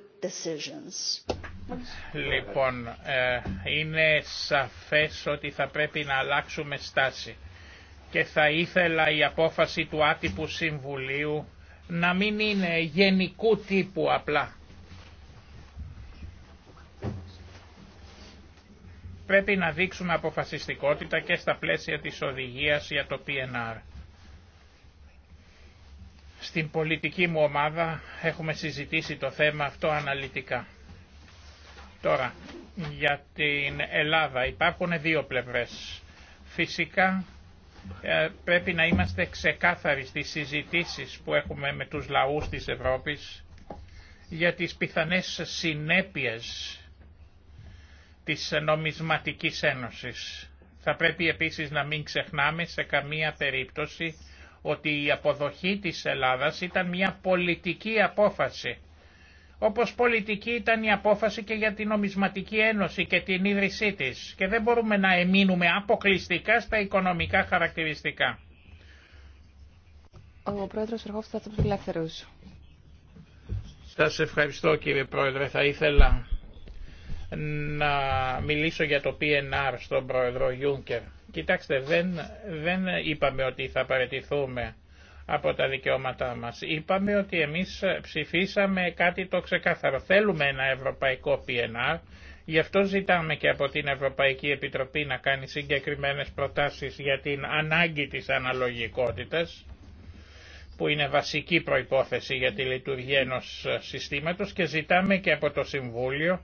Λοιπόν, ε, είναι σαφές ότι θα πρέπει να αλλάξουμε στάση και θα ήθελα η απόφαση του άτυπου συμβουλίου να μην είναι γενικού τύπου απλά πρέπει να δείξουμε αποφασιστικότητα και στα πλαίσια της οδηγίας για το PNR. Στην πολιτική μου ομάδα έχουμε συζητήσει το θέμα αυτό αναλυτικά. Τώρα, για την Ελλάδα υπάρχουν δύο πλευρές. Φυσικά ε, πρέπει να είμαστε ξεκάθαροι στις συζητήσεις που έχουμε με τους λαούς της Ευρώπης για τις πιθανές συνέπειες της νομισματικής ένωσης. Θα πρέπει επίσης να μην ξεχνάμε σε καμία περίπτωση ότι η αποδοχή της Ελλάδας ήταν μια πολιτική απόφαση. Όπως πολιτική ήταν η απόφαση και για την νομισματική ένωση και την ίδρυσή της και δεν μπορούμε να εμείνουμε αποκλειστικά στα οικονομικά χαρακτηριστικά. Ο Πρόεδρος Σας ευχαριστώ κύριε Πρόεδρε. Θα ήθελα να μιλήσω για το PNR στον πρόεδρο Γιούγκερ. Κοιτάξτε, δεν, δεν είπαμε ότι θα παραιτηθούμε από τα δικαιώματά μας. Είπαμε ότι εμείς ψηφίσαμε κάτι το ξεκάθαρο. Θέλουμε ένα ευρωπαϊκό PNR, γι' αυτό ζητάμε και από την Ευρωπαϊκή Επιτροπή να κάνει συγκεκριμένες προτάσεις για την ανάγκη της αναλογικότητας, που είναι βασική προϋπόθεση για τη λειτουργία ενός συστήματος και ζητάμε και από το Συμβούλιο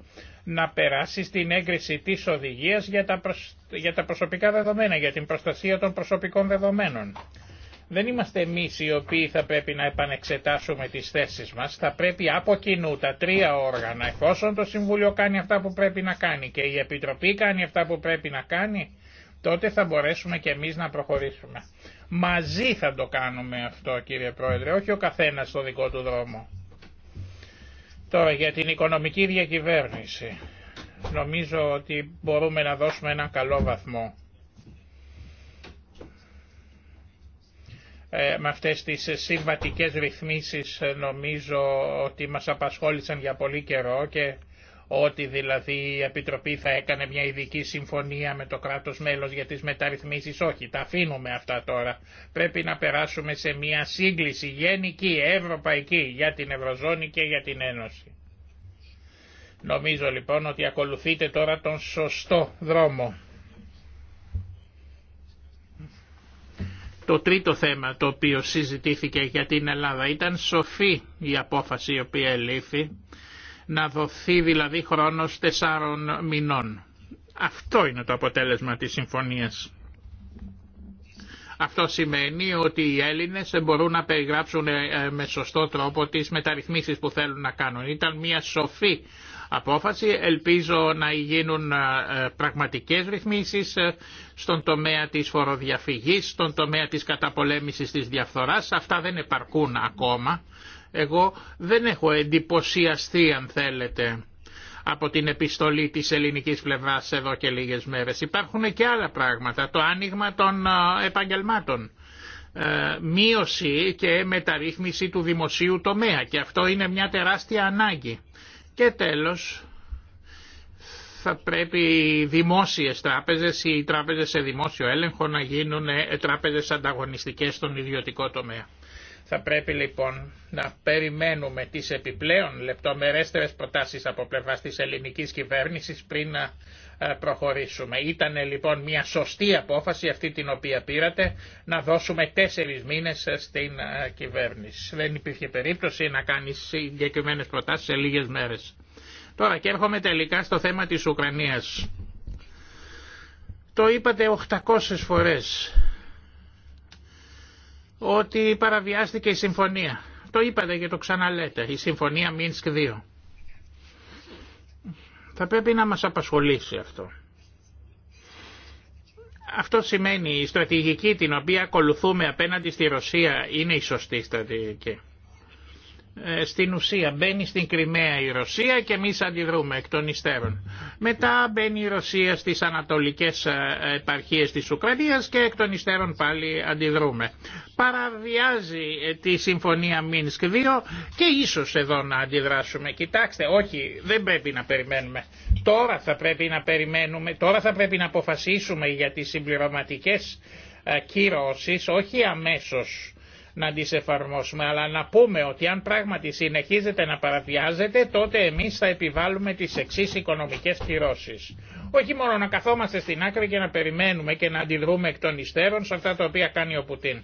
να περάσει στην έγκριση της οδηγίας για τα, για τα προσωπικά δεδομένα, για την προστασία των προσωπικών δεδομένων. Δεν είμαστε εμείς οι οποίοι θα πρέπει να επανεξετάσουμε τις θέσεις μας, θα πρέπει από κοινού τα τρία όργανα, εφόσον το Συμβούλιο κάνει αυτά που πρέπει να κάνει και η Επιτροπή κάνει αυτά που πρέπει να κάνει, τότε θα μπορέσουμε και εμείς να προχωρήσουμε. Μαζί θα το κάνουμε αυτό κύριε Πρόεδρε, όχι ο καθένας στο δικό του δρόμο. Τώρα για την οικονομική διακυβέρνηση. Νομίζω ότι μπορούμε να δώσουμε ένα καλό βαθμό. Ε, με αυτές τις συμβατικές ρυθμίσεις νομίζω ότι μας απασχόλησαν για πολύ καιρό και ότι δηλαδή η Επιτροπή θα έκανε μια ειδική συμφωνία με το κράτος μέλος για τις μεταρρυθμίσεις. Όχι, τα αφήνουμε αυτά τώρα. Πρέπει να περάσουμε σε μια σύγκληση γενική, ευρωπαϊκή, για την Ευρωζώνη και για την Ένωση. Νομίζω λοιπόν ότι ακολουθείτε τώρα τον σωστό δρόμο. Το τρίτο θέμα το οποίο συζητήθηκε για την Ελλάδα ήταν σοφή η απόφαση η οποία ελήφθη να δοθεί δηλαδή χρόνος τεσσάρων μηνών. Αυτό είναι το αποτέλεσμα της συμφωνίας. Αυτό σημαίνει ότι οι Έλληνες μπορούν να περιγράψουν ε, ε, με σωστό τρόπο τις μεταρρυθμίσεις που θέλουν να κάνουν. Ήταν μια σοφή απόφαση. Ελπίζω να γίνουν ε, πραγματικές ρυθμίσεις στον τομέα της φοροδιαφυγής, στον τομέα της καταπολέμησης της διαφθοράς. Αυτά δεν επαρκούν ακόμα εγώ δεν έχω εντυπωσιαστεί αν θέλετε από την επιστολή της ελληνικής πλευράς εδώ και λίγες μέρες. Υπάρχουν και άλλα πράγματα, το άνοιγμα των ε, επαγγελμάτων, ε, μείωση και μεταρρύθμιση του δημοσίου τομέα και αυτό είναι μια τεράστια ανάγκη. Και τέλος, θα πρέπει οι δημόσιες τράπεζες ή οι τράπεζες σε δημόσιο έλεγχο να γίνουν ε, τράπεζες ανταγωνιστικές στον ιδιωτικό τομέα. Θα πρέπει λοιπόν να περιμένουμε τις επιπλέον λεπτομερέστερες προτάσεις από πλευρά της ελληνικής κυβέρνησης πριν να ε, προχωρήσουμε. Ήταν λοιπόν μια σωστή απόφαση αυτή την οποία πήρατε να δώσουμε τέσσερις μήνες ε, στην ε, κυβέρνηση. Δεν υπήρχε περίπτωση να κάνει συγκεκριμένε προτάσεις σε λίγες μέρες. Τώρα και έρχομαι τελικά στο θέμα της Ουκρανίας. Το είπατε 800 φορές ότι παραβιάστηκε η συμφωνία. Το είπατε και το ξαναλέτε, η συμφωνία Μίνσκ 2. Θα πρέπει να μας απασχολήσει αυτό. Αυτό σημαίνει η στρατηγική την οποία ακολουθούμε απέναντι στη Ρωσία είναι η σωστή στρατηγική. Ε, στην ουσία μπαίνει στην Κρυμαία η Ρωσία και εμεί αντιδρούμε εκ των υστέρων. Μετά μπαίνει η Ρωσία στις ανατολικές ε, επαρχίες της Ουκρανίας και εκ των υστέρων πάλι αντιδρούμε. Παραβιάζει ε, τη Συμφωνία Μίνσκ 2 και ίσως εδώ να αντιδράσουμε. Κοιτάξτε, όχι, δεν πρέπει να περιμένουμε. Τώρα θα πρέπει να περιμένουμε, τώρα θα πρέπει να αποφασίσουμε για τις συμπληρωματικές κυρώσει, όχι αμέσως να τις εφαρμόσουμε, αλλά να πούμε ότι αν πράγματι συνεχίζεται να παραβιάζεται, τότε εμείς θα επιβάλλουμε τις εξή οικονομικές κυρώσεις. Όχι μόνο να καθόμαστε στην άκρη και να περιμένουμε και να αντιδρούμε εκ των υστέρων σε αυτά τα οποία κάνει ο Πουτίν.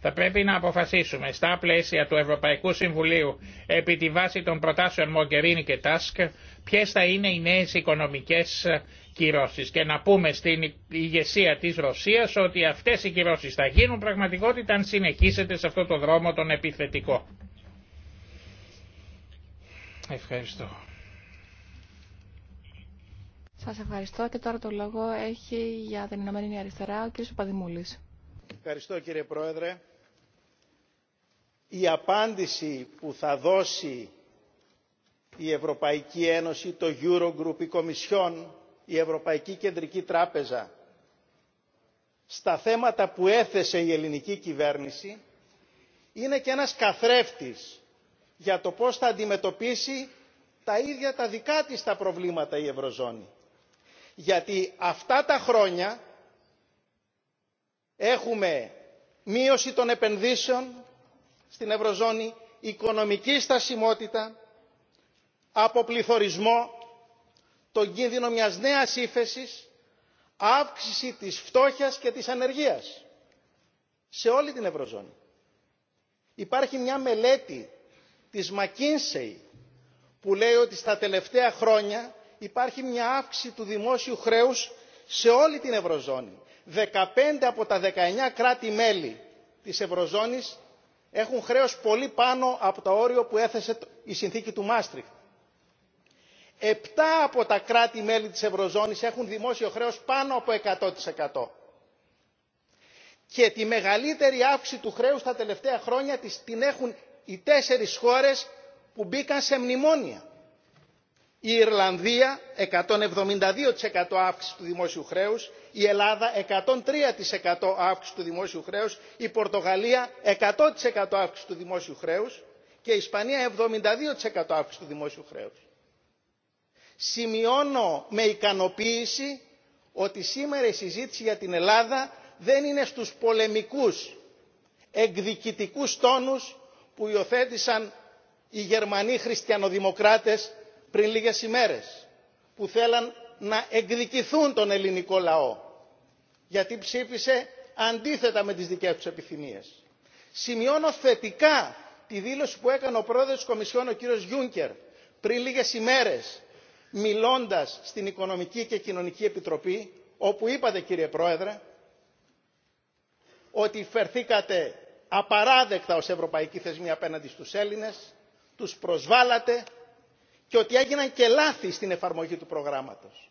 Θα πρέπει να αποφασίσουμε στα πλαίσια του Ευρωπαϊκού Συμβουλίου επί τη βάση των προτάσεων Μογκερίνη και Τάσκ ποιες θα είναι οι νέες οικονομικές κυρώσεις και να πούμε στην ηγεσία της Ρωσίας ότι αυτές οι κυρώσεις θα γίνουν πραγματικότητα αν συνεχίσετε σε αυτό το δρόμο τον επιθετικό. Ευχαριστώ. Σας ευχαριστώ και τώρα το λόγο έχει για την Ηνωμένη Αριστερά ο κ. Παδημούλης. Ευχαριστώ κύριε Πρόεδρε. Η απάντηση που θα δώσει η Ευρωπαϊκή Ένωση, το Eurogroup, η Κομισιόν η Ευρωπαϊκή Κεντρική Τράπεζα στα θέματα που έθεσε η ελληνική κυβέρνηση είναι και ένας καθρέφτης για το πώς θα αντιμετωπίσει τα ίδια τα δικά της τα προβλήματα η Ευρωζώνη. Γιατί αυτά τα χρόνια έχουμε μείωση των επενδύσεων στην Ευρωζώνη, οικονομική στασιμότητα, αποπληθωρισμό τον κίνδυνο μιας νέας ύφεσης, αύξηση της φτώχειας και της ανεργίας σε όλη την Ευρωζώνη. Υπάρχει μια μελέτη της McKinsey που λέει ότι στα τελευταία χρόνια υπάρχει μια αύξηση του δημόσιου χρέους σε όλη την Ευρωζώνη. 15 από τα 19 κράτη-μέλη της Ευρωζώνης έχουν χρέος πολύ πάνω από το όριο που έθεσε η συνθήκη του Μάστριχτ. Επτά από τα κράτη-μέλη της Ευρωζώνης έχουν δημόσιο χρέος πάνω από 100%. Και τη μεγαλύτερη αύξηση του χρέους τα τελευταία χρόνια την έχουν οι τέσσερις χώρες που μπήκαν σε μνημόνια. Η Ιρλανδία 172% αύξηση του δημόσιου χρέους, η Ελλάδα 103% αύξηση του δημόσιου χρέους, η Πορτογαλία 100% αύξηση του δημόσιου χρέους και η Ισπανία 72% αύξηση του δημόσιου χρέους σημειώνω με ικανοποίηση ότι σήμερα η συζήτηση για την Ελλάδα δεν είναι στους πολεμικούς εκδικητικούς τόνους που υιοθέτησαν οι Γερμανοί χριστιανοδημοκράτες πριν λίγες ημέρες που θέλαν να εκδικηθούν τον ελληνικό λαό γιατί ψήφισε αντίθετα με τις δικές τους επιθυμίες. Σημειώνω θετικά τη δήλωση που έκανε ο πρόεδρος της Κομισιόν ο κύριος Γιούνκερ πριν λίγες ημέρες μιλώντας στην Οικονομική και Κοινωνική Επιτροπή, όπου είπατε κύριε Πρόεδρε, ότι φερθήκατε απαράδεκτα ως ευρωπαϊκή θεσμή απέναντι στους Έλληνες, τους προσβάλατε και ότι έγιναν και λάθη στην εφαρμογή του προγράμματος.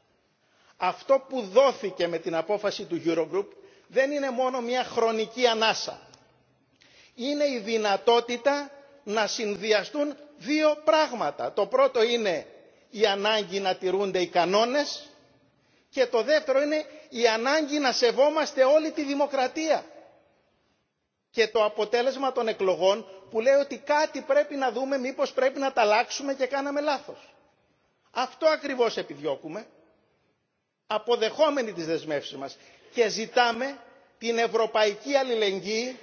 Αυτό που δόθηκε με την απόφαση του Eurogroup δεν είναι μόνο μια χρονική ανάσα. Είναι η δυνατότητα να συνδυαστούν δύο πράγματα. Το πρώτο είναι η ανάγκη να τηρούνται οι κανόνες και το δεύτερο είναι η ανάγκη να σεβόμαστε όλη τη δημοκρατία και το αποτέλεσμα των εκλογών που λέει ότι κάτι πρέπει να δούμε, μήπως πρέπει να τα αλλάξουμε και κάναμε λάθος. Αυτό ακριβώς επιδιώκουμε, αποδεχόμενοι τις δεσμεύσεις μας και ζητάμε την ευρωπαϊκή αλληλεγγύη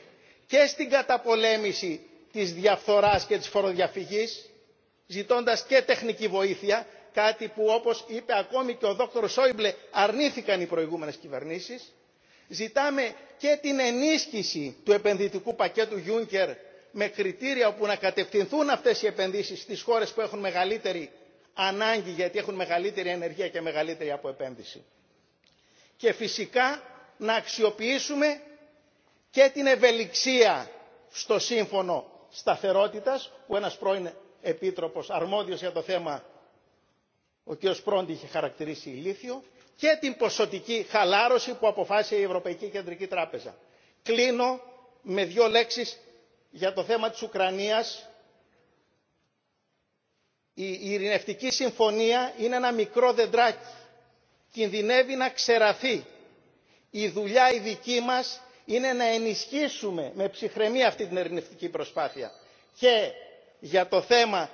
και στην καταπολέμηση της διαφθοράς και της φοροδιαφυγής ζητώντας και τεχνική βοήθεια κάτι που όπως είπε ακόμη και ο δόκτωρ Σόιμπλε αρνήθηκαν οι προηγούμενες κυβερνήσεις. Ζητάμε και την ενίσχυση του επενδυτικού πακέτου Juncker με κριτήρια όπου να κατευθυνθούν αυτές οι επενδύσεις στις χώρες που έχουν μεγαλύτερη ανάγκη γιατί έχουν μεγαλύτερη ενεργεία και μεγαλύτερη αποεπένδυση. Και φυσικά να αξιοποιήσουμε και την ευελιξία στο σύμφωνο σταθερότητας που ένας πρώην επίτροπος αρμόδιος για το θέμα ο κ. Πρόντι είχε χαρακτηρίσει ηλίθιο και την ποσοτική χαλάρωση που αποφάσισε η Ευρωπαϊκή Κεντρική Τράπεζα. Κλείνω με δύο λέξεις για το θέμα της Ουκρανίας. Η ειρηνευτική συμφωνία είναι ένα μικρό δεντράκι. Κινδυνεύει να ξεραθεί. Η δουλειά η δική μας είναι να ενισχύσουμε με ψυχραιμία αυτή την ειρηνευτική προσπάθεια. Και για το θέμα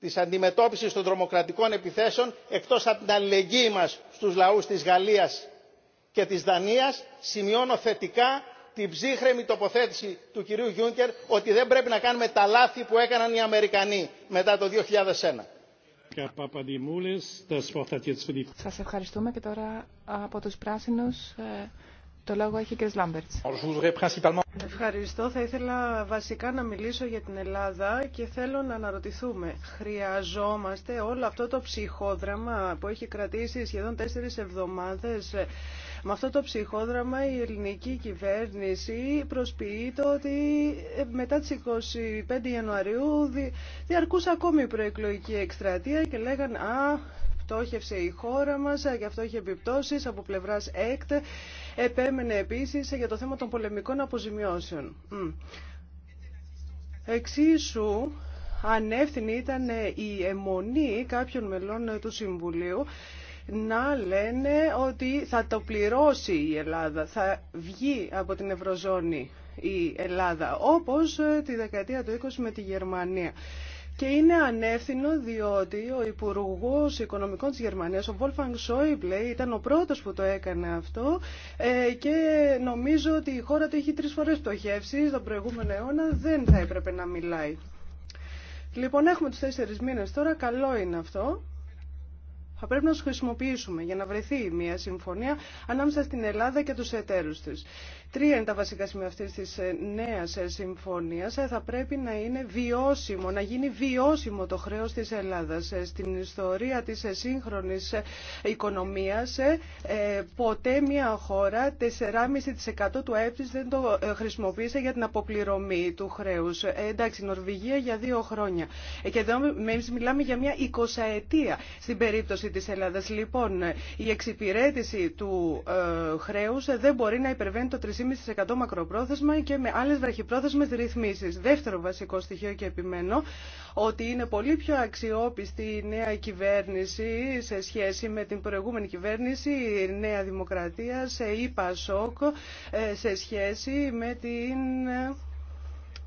της αντιμετώπισης των τρομοκρατικών επιθέσεων εκτός από την αλληλεγγύη μας στους λαούς της γαλλίας και της δανίας σημειώνω θετικά την ψύχρεμη τοποθέτηση του κυρίου Γιούνκερ ότι δεν πρέπει να κάνουμε τα λάθη που έκαναν οι Αμερικανοί μετά το 2001. Σας ευχαριστούμε και τώρα από τους πράσινους ε, το λόγο έχει ο κ. Ευχαριστώ. Θα ήθελα βασικά να μιλήσω για την Ελλάδα και θέλω να αναρωτηθούμε. Χρειαζόμαστε όλο αυτό το ψυχόδραμα που έχει κρατήσει σχεδόν τέσσερις εβδομάδες. Με αυτό το ψυχόδραμα η ελληνική κυβέρνηση προσποιεί ότι ε, μετά τις 25 Ιανουαρίου διαρκούσε ακόμη η προεκλογική εκστρατεία και λέγαν «Α, στόχευσε η χώρα μας και ε, αυτό είχε επιπτώσεις από πλευράς ΕΚΤ. Επέμενε επίσης για το θέμα των πολεμικών αποζημιώσεων. Εξίσου ανεύθυνη ήταν ε, η αιμονή κάποιων μελών ε, του Συμβουλίου να λένε ότι θα το πληρώσει η Ελλάδα, θα βγει από την Ευρωζώνη η Ελλάδα, όπως τη δεκαετία του 20 με τη Γερμανία. Και είναι ανεύθυνο διότι ο Υπουργό Οικονομικών τη Γερμανίας, ο Wolfgang Σόιμπλε, ήταν ο πρώτος που το έκανε αυτό ε, και νομίζω ότι η χώρα του έχει τρεις φορές πτωχεύσει, τον προηγούμενο αιώνα δεν θα έπρεπε να μιλάει. Λοιπόν, έχουμε του τέσσερι μήνες τώρα, καλό είναι αυτό θα πρέπει να του χρησιμοποιήσουμε για να βρεθεί μια συμφωνία ανάμεσα στην Ελλάδα και του εταίρου τη. Τρία είναι τα βασικά σημεία αυτής της ε, νέας ε, συμφωνία. Ε, θα πρέπει να είναι βιώσιμο, να γίνει βιώσιμο το χρέο τη Ελλάδα. Στην ιστορία τη σύγχρονη οικονομία, ποτέ μια χώρα 4,5% του ΑΕΠ δεν το χρησιμοποίησε για την αποπληρωμή του χρέου. Εντάξει, Νορβηγία για δύο χρόνια. Και εδώ μιλάμε για μια 20 ετία στην περίπτωση της Ελλάδας. Λοιπόν, η εξυπηρέτηση του ε, χρέους δεν μπορεί να υπερβαίνει το 3,5% μακροπρόθεσμα και με άλλες βραχυπρόθεσμες ρυθμίσεις. Δεύτερο βασικό στοιχείο και επιμένω ότι είναι πολύ πιο αξιόπιστη η νέα κυβέρνηση σε σχέση με την προηγούμενη κυβέρνηση, η Νέα Δημοκρατία, σε ΙΠΑΣΟΚ, ε, σε σχέση με την ε,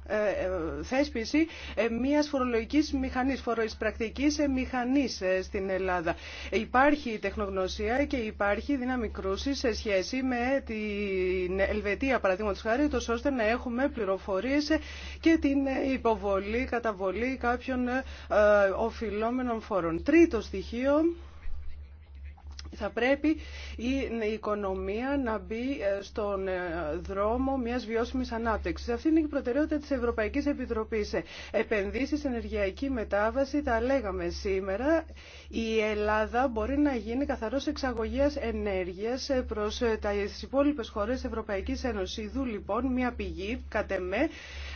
ε, ε, θέσπιση ε, μιας φορολογικής μηχανής, φοροεισπρακτικής μηχανής στην Ελλάδα. Υπάρχει τεχνογνωσία και υπάρχει δύναμη κρούση σε σχέση με την Ελβετία, παραδείγματο χάρη, ώστε να έχουμε πληροφορίες και την υποβολή, καταβολή κάποιων οφειλόμενων φόρων. Τρίτο στοιχείο θα πρέπει η οικονομία να μπει ε, στον ε, δρόμο μιας βιώσιμης ανάπτυξης. Αυτή είναι η προτεραιότητα της Ευρωπαϊκής Επιτροπής. Ε, επενδύσεις, ενεργειακή μετάβαση, τα λέγαμε σήμερα. Η Ελλάδα μπορεί να γίνει καθαρός εξαγωγίας ενέργειας προς τις υπόλοιπες χώρες Ευρωπαϊκής Ένωσης. Ιδού λοιπόν μια πηγή, κατ' εμέ,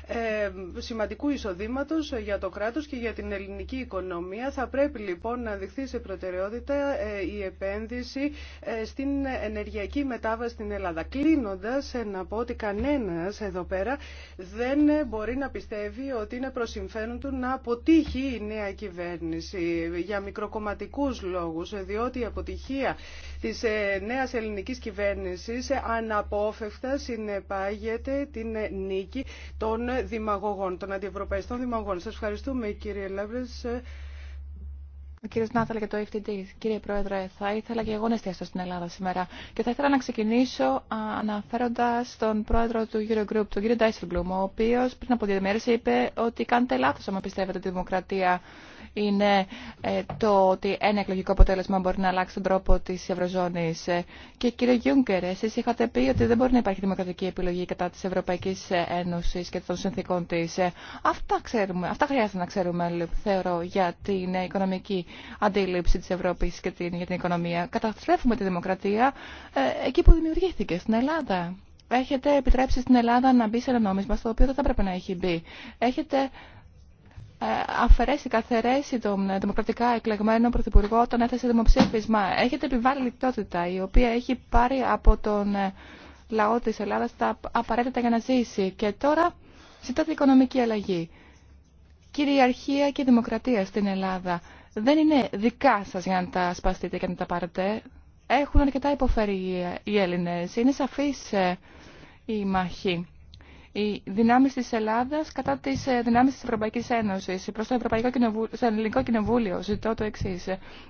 ε, σημαντικού εισοδήματος για το κράτος και για την ελληνική οικονομία. Θα πρέπει λοιπόν να δειχθεί σε προτεραιότητα ε, η επένδυση ε, στην ενεργειακή μετάβαση στην Ελλάδα. Κλείνοντας να πω ότι κανένας εδώ πέρα δεν μπορεί να πιστεύει ότι είναι προσυμφέρον του να αποτύχει η νέα κυβέρνηση για μικροκομματικούς λόγους, διότι η αποτυχία της νέας ελληνικής κυβέρνησης αναπόφευκτα συνεπάγεται την νίκη των δημαγωγών, των αντιευρωπαϊστών δημαγωγών. Σας ευχαριστούμε κύριε Λεύρες. Ο κύριος και το FTD. Κύριε Πρόεδρε, θα ήθελα και εγώ να εστιαστώ στην Ελλάδα σήμερα και θα ήθελα να ξεκινήσω αναφέροντας τον πρόεδρο του Eurogroup, τον κύριο Ντάισελμπλουμ, ο οποίος πριν από δύο μέρες είπε ότι κάνετε λάθος άμα πιστεύετε τη δημοκρατία είναι ε, το ότι ένα εκλογικό αποτέλεσμα μπορεί να αλλάξει τον τρόπο τη Ευρωζώνης. Ε, και κύριε Γιούγκερ, εσεί είχατε πει ότι δεν μπορεί να υπάρχει δημοκρατική επιλογή κατά τη Ευρωπαϊκή ε, Ένωση και των συνθήκων τη. Αυτά, αυτά χρειάζεται να ξέρουμε, θεωρώ, για την οικονομική αντίληψη τη Ευρώπη και την, για την οικονομία. Καταστρέφουμε τη δημοκρατία εκεί που δημιουργήθηκε, στην Ελλάδα. Έχετε επιτρέψει στην Ελλάδα να μπει σε ένα νόμισμα στο οποίο δεν θα έπρεπε να έχει μπει. Έχετε αφαιρέσει, καθαιρέσει τον δημοκρατικά εκλεγμένο πρωθυπουργό όταν έθεσε δημοψήφισμα. Έχετε επιβάλει λιτότητα η οποία έχει πάρει από τον ε, λαό της Ελλάδας τα απαραίτητα για να ζήσει και τώρα ζητάτε οικονομική αλλαγή. Κυριαρχία και δημοκρατία στην Ελλάδα δεν είναι δικά σας για να τα σπαστείτε και να τα πάρετε. Έχουν αρκετά υποφέρει οι ε, Έλληνες. Είναι σαφής ε, η μαχή οι δυνάμεις της Ελλάδας κατά τις ε, δυνάμεις της Ευρωπαϊκής Ένωσης. Προς το Ευρωπαϊκό Κοινοβούλιο, στο Ελληνικό Κοινοβούλιο ζητώ το εξή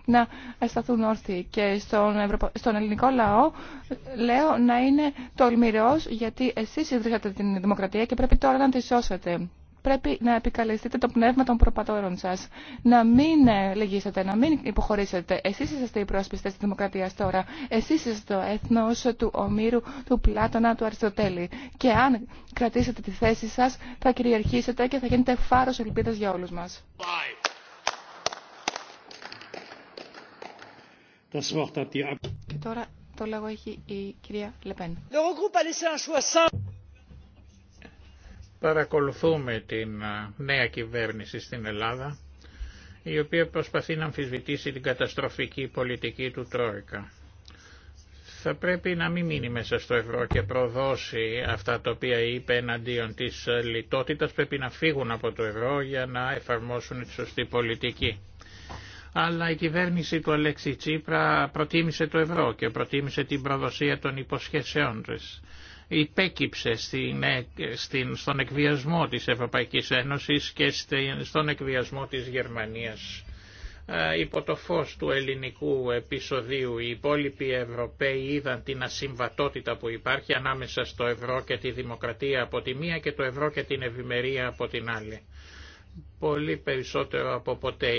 να σταθούν όρθιοι και στον, στον ελληνικό λαό λέω να είναι τολμηρός γιατί εσείς ιδρύσατε την δημοκρατία και πρέπει τώρα να τη σώσετε πρέπει να επικαλεστείτε το πνεύμα των προπατώρων σας. Να μην ε, λυγίσετε, να μην υποχωρήσετε. Εσείς είσαστε οι πρόσπιστε τη δημοκρατία τώρα. Εσείς είστε το έθνο του Ομήρου, του Πλάτωνα, του Αριστοτέλη. Και αν κρατήσετε τη θέση σας, θα κυριαρχήσετε και θα γίνετε φάρος ελπίδα για όλους μας. Και τώρα το λόγο έχει η κυρία Λεπέν. Παρακολουθούμε την νέα κυβέρνηση στην Ελλάδα, η οποία προσπαθεί να αμφισβητήσει την καταστροφική πολιτική του Τρόικα. Θα πρέπει να μην μείνει μέσα στο ευρώ και προδώσει αυτά τα οποία είπε εναντίον της λιτότητας, πρέπει να φύγουν από το ευρώ για να εφαρμόσουν τη σωστή πολιτική αλλά η κυβέρνηση του Αλέξη Τσίπρα προτίμησε το ευρώ και προτίμησε την προδοσία των υποσχέσεών της υπέκυψε στην, στον εκβιασμό της Ευρωπαϊκής Ένωσης και στον εκβιασμό της Γερμανίας. Ε, υπό το φως του ελληνικού επεισοδίου οι υπόλοιποι Ευρωπαίοι είδαν την ασυμβατότητα που υπάρχει ανάμεσα στο ευρώ και τη δημοκρατία από τη μία και το ευρώ και την ευημερία από την άλλη πολύ περισσότερο από ποτέ.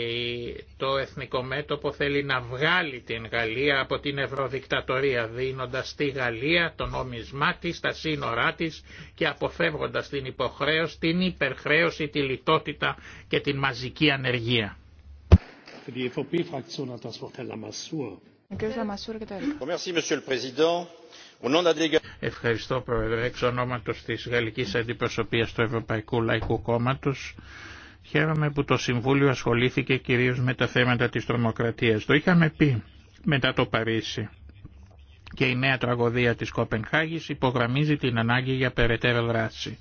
Το Εθνικό Μέτωπο θέλει να βγάλει την Γαλλία από την Ευρωδικτατορία, δίνοντας τη Γαλλία το νόμισμά της, τα σύνορά της και αποφεύγοντας την υποχρέωση, την υπερχρέωση, τη λιτότητα και την μαζική ανεργία. Ευχαριστώ Πρόεδρε. Εξ ονόματος της Γαλλικής Αντιπροσωπείας του Ευρωπαϊκού Λαϊκού Κόμματος Χαίρομαι που το Συμβούλιο ασχολήθηκε κυρίως με τα θέματα της τρομοκρατίας. Το είχαμε πει μετά το Παρίσι. Και η νέα τραγωδία της Κοπενχάγης υπογραμμίζει την ανάγκη για περαιτέρω δράση.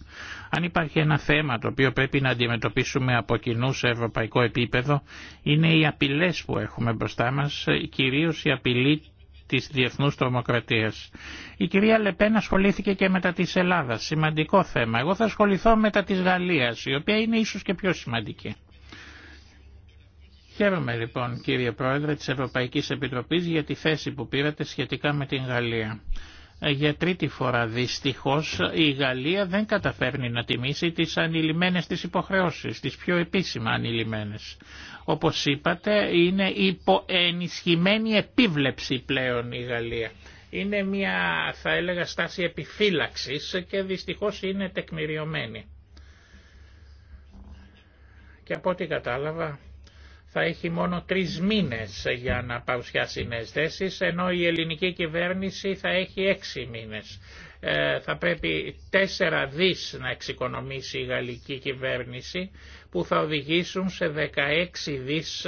Αν υπάρχει ένα θέμα το οποίο πρέπει να αντιμετωπίσουμε από κοινού σε ευρωπαϊκό επίπεδο, είναι οι απειλές που έχουμε μπροστά μας, κυρίως η απειλή της διεθνούς τρομοκρατίας. Η κυρία Λεπέν ασχολήθηκε και μετά της Ελλάδας. Σημαντικό θέμα. Εγώ θα ασχοληθώ μετά της Γαλλίας, η οποία είναι ίσως και πιο σημαντική. Χαίρομαι λοιπόν κύριε Πρόεδρε της Ευρωπαϊκής Επιτροπής για τη θέση που πήρατε σχετικά με την Γαλλία. Για τρίτη φορά δυστυχώς η Γαλλία δεν καταφέρνει να τιμήσει τις ανηλυμένες της υποχρεώσεις, τις πιο επίσημα ανηλυμένες. Όπως είπατε είναι υπό ενισχυμένη επίβλεψη πλέον η Γαλλία. Είναι μια θα έλεγα στάση επιφύλαξης και δυστυχώς είναι τεκμηριωμένη. Και από ό,τι κατάλαβα θα έχει μόνο τρεις μήνες για να παρουσιάσει νέες θέσεις, ενώ η ελληνική κυβέρνηση θα έχει έξι μήνες. Ε, θα πρέπει τέσσερα δις να εξοικονομήσει η γαλλική κυβέρνηση, που θα οδηγήσουν σε 16 δις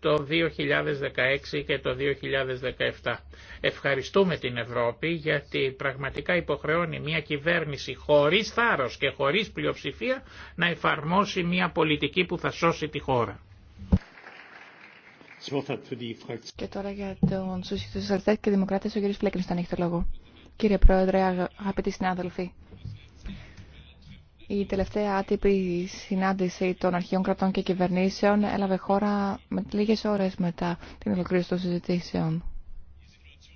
το 2016 και το 2017. Ευχαριστούμε την Ευρώπη γιατί πραγματικά υποχρεώνει μια κυβέρνηση χωρίς θάρρος και χωρίς πλειοψηφία να εφαρμόσει μια πολιτική που θα σώσει τη χώρα. Και τώρα για τον Σοσιαλιστέ και Δημοκράτε, ο κ. θα έχει το λόγο. Κύριε Πρόεδρε, αγαπητοί συνάδελφοι, η τελευταία άτυπη συνάντηση των αρχαίων κρατών και κυβερνήσεων έλαβε χώρα με λίγε ώρε μετά την ολοκλήρωση των συζητήσεων.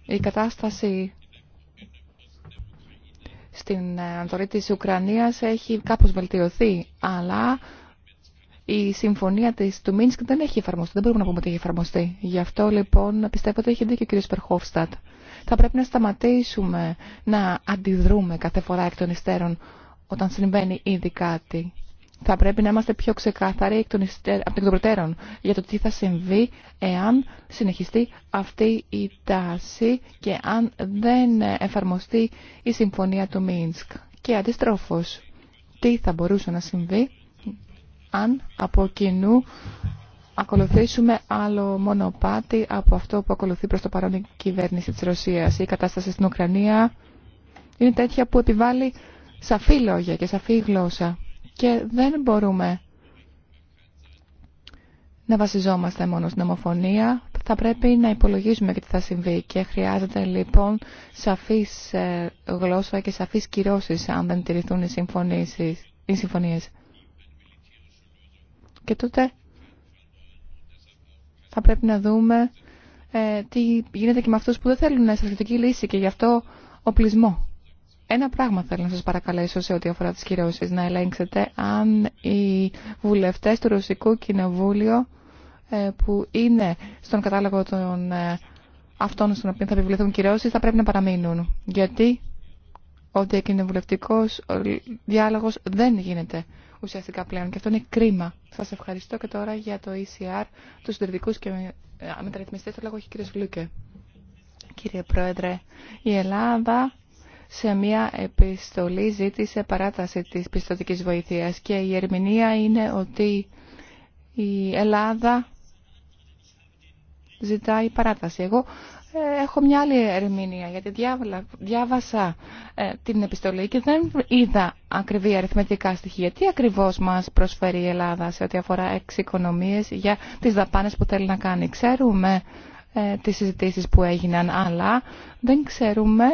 Η κατάσταση στην ε, ανατολή τη Ουκρανία έχει κάπω βελτιωθεί, αλλά η συμφωνία της, του Μίνσκ δεν έχει εφαρμοστεί. Δεν μπορούμε να πούμε ότι έχει εφαρμοστεί. Γι' αυτό λοιπόν πιστεύω ότι έχει δίκιο ο κ. Περχόφστατ. Θα πρέπει να σταματήσουμε να αντιδρούμε κάθε φορά εκ των υστέρων όταν συμβαίνει ήδη κάτι. Θα πρέπει να είμαστε πιο ξεκάθαροι εκ των εκ των προτέρων για το τι θα συμβεί εάν συνεχιστεί αυτή η τάση και αν δεν εφαρμοστεί η συμφωνία του Μίνσκ. Και αντιστρόφως, τι θα μπορούσε να συμβεί αν από κοινού ακολουθήσουμε άλλο μονοπάτι από αυτό που ακολουθεί προς το παρόν η κυβέρνηση της Ρωσίας. Η κατάσταση στην Ουκρανία είναι τέτοια που επιβάλλει σαφή λόγια και σαφή γλώσσα και δεν μπορούμε να βασιζόμαστε μόνο στην ομοφωνία, θα πρέπει να υπολογίζουμε και τι θα συμβεί και χρειάζεται λοιπόν σαφής ε, γλώσσα και σαφής κυρώσεις αν δεν τηρηθούν οι συμφωνίες. Και τότε θα πρέπει να δούμε ε, τι γίνεται και με αυτούς που δεν θέλουν να στρατιωτική λύση και γι' αυτό οπλισμό. Ένα πράγμα θέλω να σας παρακαλέσω σε ό,τι αφορά τις κυρώσεις, να ελέγξετε αν οι βουλευτές του Ρωσικού Κοινοβούλιο ε, που είναι στον κατάλογο των ε, αυτών στον οποίο θα επιβληθούν κυρώσεις θα πρέπει να παραμείνουν. Γιατί ο διακοινοβουλευτικός διάλογος δεν γίνεται ουσιαστικά πλέον και αυτό είναι κρίμα. Σα ευχαριστώ και τώρα για το ECR, του συντηρητικού και μεταρρυθμιστέ. το λόγο έχει κύριο Λούκε. Κύριε Πρόεδρε, η Ελλάδα σε μια επιστολή ζήτησε παράταση τη πιστοτική βοήθειας και η ερμηνεία είναι ότι η Ελλάδα ζητάει παράταση. Εγώ ε, έχω μια άλλη ερμηνεία, γιατί διάβασα ε, την επιστολή και δεν είδα ακριβή αριθμητικά στοιχεία. Τι ακριβώς μας προσφέρει η Ελλάδα σε ό,τι αφορά εξοικονομίες για τις δαπάνες που θέλει να κάνει. Ξέρουμε ε, τις συζητήσεις που έγιναν, αλλά δεν ξέρουμε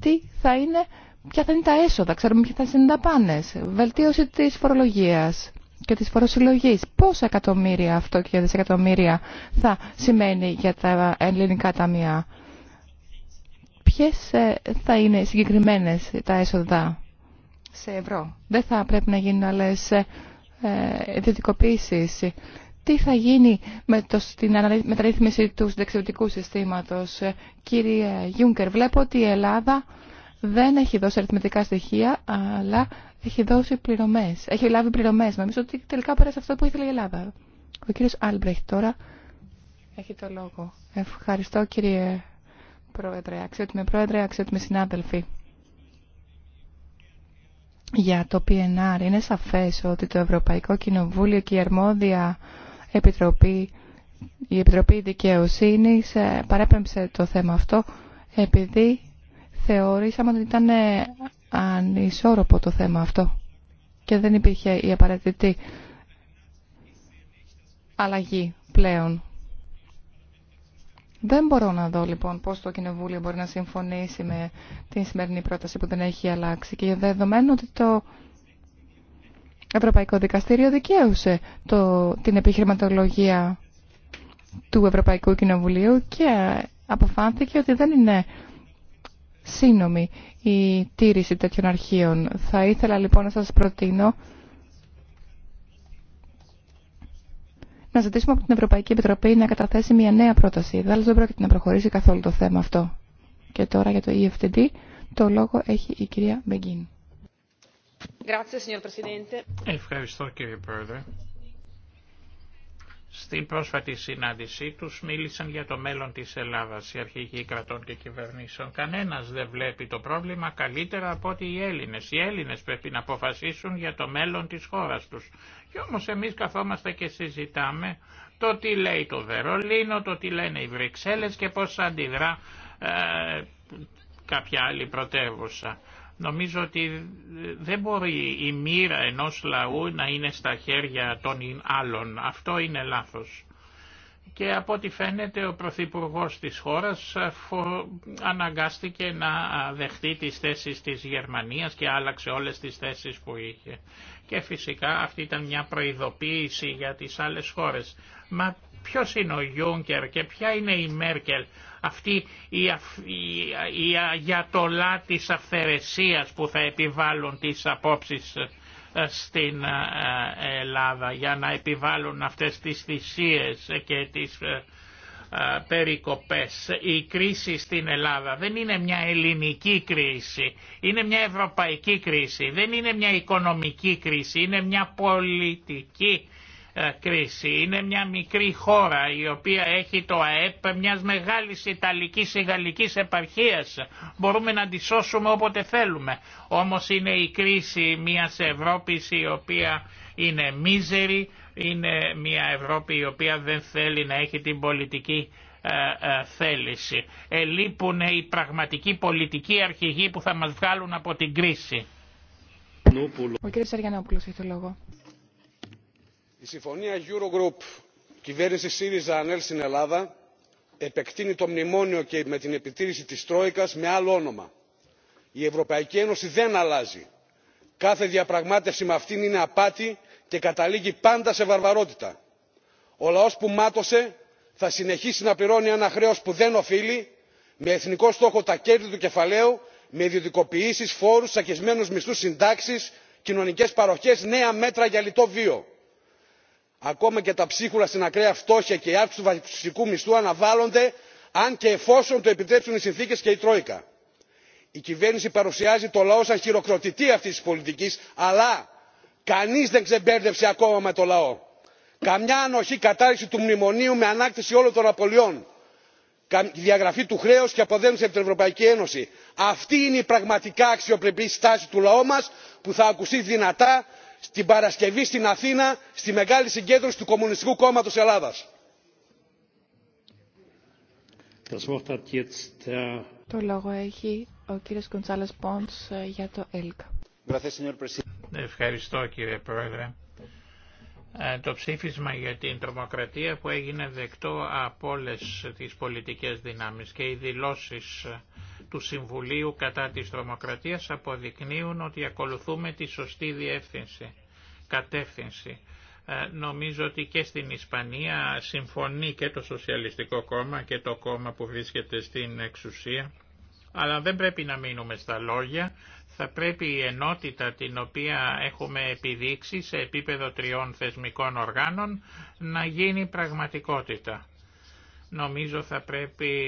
τι θα είναι, ποια θα είναι τα έσοδα, ξέρουμε ποια θα είναι τα δαπάνες. Βελτίωση της φορολογίας και της φοροσυλλογής. Πόσα εκατομμύρια αυτό και δισεκατομμύρια θα σημαίνει για τα ελληνικά ταμεία. Ποιες ε, θα είναι συγκεκριμένες τα έσοδα σε ευρώ. Δεν θα πρέπει να γίνουν άλλες ε, ε, ιδιωτικοποίησεις. Τι θα γίνει με το, την μεταρρύθμιση του συνταξιδοτικού συστήματος. Κύριε Γιούγκερ, βλέπω ότι η Ελλάδα δεν έχει δώσει αριθμητικά στοιχεία, αλλά έχει δώσει πληρωμέ. έχει λάβει πληρωμές. Νομίζω ότι τελικά πέρασε αυτό που ήθελε η Ελλάδα. Ο κύριος Άλμπρεχτ τώρα έχει το λόγο. Ευχαριστώ κύριε Πρόεδρε, αξιότιμη Πρόεδρε, αξιότιμη συνάδελφοι. Για το PNR είναι σαφές ότι το Ευρωπαϊκό Κοινοβούλιο και η αρμόδια Επιτροπή, η Επιτροπή ε, παρέπεμψε το θέμα αυτό επειδή θεωρήσαμε ότι ήταν ε, ανισόρροπο το θέμα αυτό και δεν υπήρχε η απαραίτητη αλλαγή πλέον. Δεν μπορώ να δω λοιπόν πώς το Κοινοβούλιο μπορεί να συμφωνήσει με την σημερινή πρόταση που δεν έχει αλλάξει και δεδομένου ότι το Ευρωπαϊκό Δικαστήριο δικαίωσε το, την επιχειρηματολογία του Ευρωπαϊκού Κοινοβουλίου και αποφάνθηκε ότι δεν είναι σύνομη η τήρηση τέτοιων αρχείων. Θα ήθελα λοιπόν να σας προτείνω να ζητήσουμε από την Ευρωπαϊκή Επιτροπή να καταθέσει μια νέα πρόταση. Δηλαδή δεν πρόκειται να προχωρήσει καθόλου το θέμα αυτό. Και τώρα για το EFTD το λόγο έχει η κυρία Μπεγκίν. Ευχαριστώ κύριε Πρόεδρε. Στην πρόσφατη συνάντησή τους μίλησαν για το μέλλον της Ελλάδας, οι αρχηγοί κρατών και κυβερνήσεων. Κανένας δεν βλέπει το πρόβλημα καλύτερα από ότι οι Έλληνες. Οι Έλληνες πρέπει να αποφασίσουν για το μέλλον της χώρας τους. Και όμως εμείς καθόμαστε και συζητάμε το τι λέει το Βερολίνο, το τι λένε οι Βρυξέλλες και πώς αντιδρά ε, κάποια άλλη πρωτεύουσα. Νομίζω ότι δεν μπορεί η μοίρα ενός λαού να είναι στα χέρια των άλλων. Αυτό είναι λάθος. Και από ό,τι φαίνεται ο Πρωθυπουργό της χώρας αναγκάστηκε να δεχτεί τις θέσεις της Γερμανίας και άλλαξε όλες τις θέσεις που είχε. Και φυσικά αυτή ήταν μια προειδοποίηση για τις άλλες χώρες. Μα ποιος είναι ο Γιούγκερ και ποια είναι η Μέρκελ αυτή η, η, αγιατολά της αυθαιρεσίας που θα επιβάλλουν τις απόψεις ε, στην ε, Ελλάδα για να επιβάλλουν αυτές τις θυσίες και τις ε, περικοπές. Η κρίση στην Ελλάδα δεν είναι μια ελληνική κρίση, είναι μια ευρωπαϊκή κρίση, δεν είναι μια οικονομική κρίση, είναι μια πολιτική ε, κρίση. Είναι μια μικρή χώρα η οποία έχει το ΑΕΠ μιας μεγάλης Ιταλικής ή Γαλλικής επαρχίας. Μπορούμε να τη σώσουμε όποτε θέλουμε. Όμως είναι η κρίση μιας Ευρώπης η οποία είναι μίζερη, είναι μια Ευρώπη η οποία δεν θέλει να έχει την πολιτική ε, ε, θέληση. Ελείπουν οι πραγματικοί πολιτικοί αρχηγοί που θα μας βγάλουν από την κρίση. Ο κ. έχει το λόγο η συμφωνία eurogroup κυβέρνηση συριζα ανέλ στην ελλάδα επεκτείνει το μνημόνιο και με την επιτήρηση της τρόικας με άλλο όνομα. η ευρωπαϊκή ένωση δεν αλλάζει. κάθε διαπραγμάτευση με αυτήν είναι απάτη και καταλήγει πάντα σε βαρβαρότητα. ο λαός που μάτωσε θα συνεχίσει να πληρώνει ένα χρέος που δεν οφείλει με εθνικό στόχο τα κέρδη του κεφαλαίου με ιδιωτικοποιήσεις φόρους τσακισμένους μισθούς συντάξεις κοινωνικές παροχές νέα μέτρα για λιτό βίο ακόμα και τα ψίχουλα στην ακραία φτώχεια και η αύξηση του βασικού μισθού αναβάλλονται αν και εφόσον το επιτρέψουν οι συνθήκες και η τρόικα. η κυβέρνηση παρουσιάζει το λαό σαν χειροκροτητή αυτής της πολιτικής αλλά κανείς δεν ξεμπέρδευσε ακόμα με το λαό. καμιά ανοχή κατάρριξη του μνημονίου με ανάκτηση όλων των απολειών διαγραφή του χρέους και αποδέσμευση από την ευρωπαϊκή ένωση. αυτή είναι η πραγματικά αξιοπρεπή στάση του λαού μας που θα ακουστεί δυνατά την παρασκευή στην αθήνα στη μεγάλη συγκέντρωση του κομμουνιστικού κόμματος ελλάδας. Äh, το λόγο έχει ο κύριος Κοντσάλας Πόντς ε, για το ΕΛΚΑ. Ευχαριστώ κύριε Πρόεδρε. Ε, το ψήφισμα για την τρομοκρατία που έγινε δεκτό από όλες τις πολιτικές δυνάμεις και οι δηλώσεις του Συμβουλίου κατά της τρομοκρατίας αποδεικνύουν ότι ακολουθούμε τη σωστή διεύθυνση, κατεύθυνση. Ε, νομίζω ότι και στην Ισπανία συμφωνεί και το Σοσιαλιστικό Κόμμα και το κόμμα που βρίσκεται στην εξουσία αλλά δεν πρέπει να μείνουμε στα λόγια, θα πρέπει η ενότητα την οποία έχουμε επιδείξει σε επίπεδο τριών θεσμικών οργάνων να γίνει πραγματικότητα. Νομίζω θα πρέπει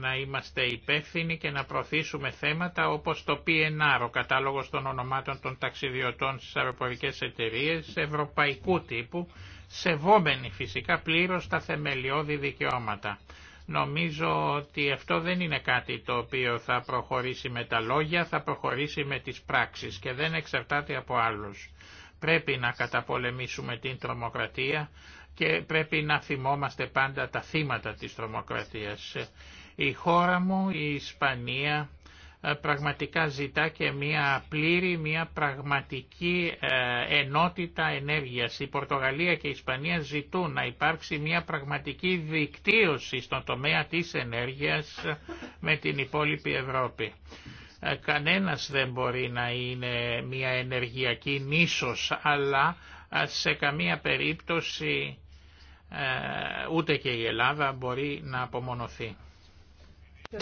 να είμαστε υπεύθυνοι και να προωθήσουμε θέματα όπως το PNR, ο κατάλογος των ονομάτων των ταξιδιωτών στις αεροπορικές εταιρείες ευρωπαϊκού τύπου, σεβόμενοι φυσικά πλήρως τα θεμελιώδη δικαιώματα. Νομίζω ότι αυτό δεν είναι κάτι το οποίο θα προχωρήσει με τα λόγια, θα προχωρήσει με τις πράξεις και δεν εξαρτάται από άλλους. Πρέπει να καταπολεμήσουμε την τρομοκρατία και πρέπει να θυμόμαστε πάντα τα θύματα της τρομοκρατίας. Η χώρα μου, η Ισπανία, ε, πραγματικά ζητά και μια πλήρη, μια πραγματική ε, ενότητα ενέργειας. Η Πορτογαλία και η Ισπανία ζητούν να υπάρξει μια πραγματική δικτύωση στον τομέα της ενέργειας ε, με την υπόλοιπη Ευρώπη. Κανένας δεν μπορεί να είναι μια ενεργειακή νήσος, αλλά σε καμία περίπτωση ούτε και η Ελλάδα μπορεί να απομονωθεί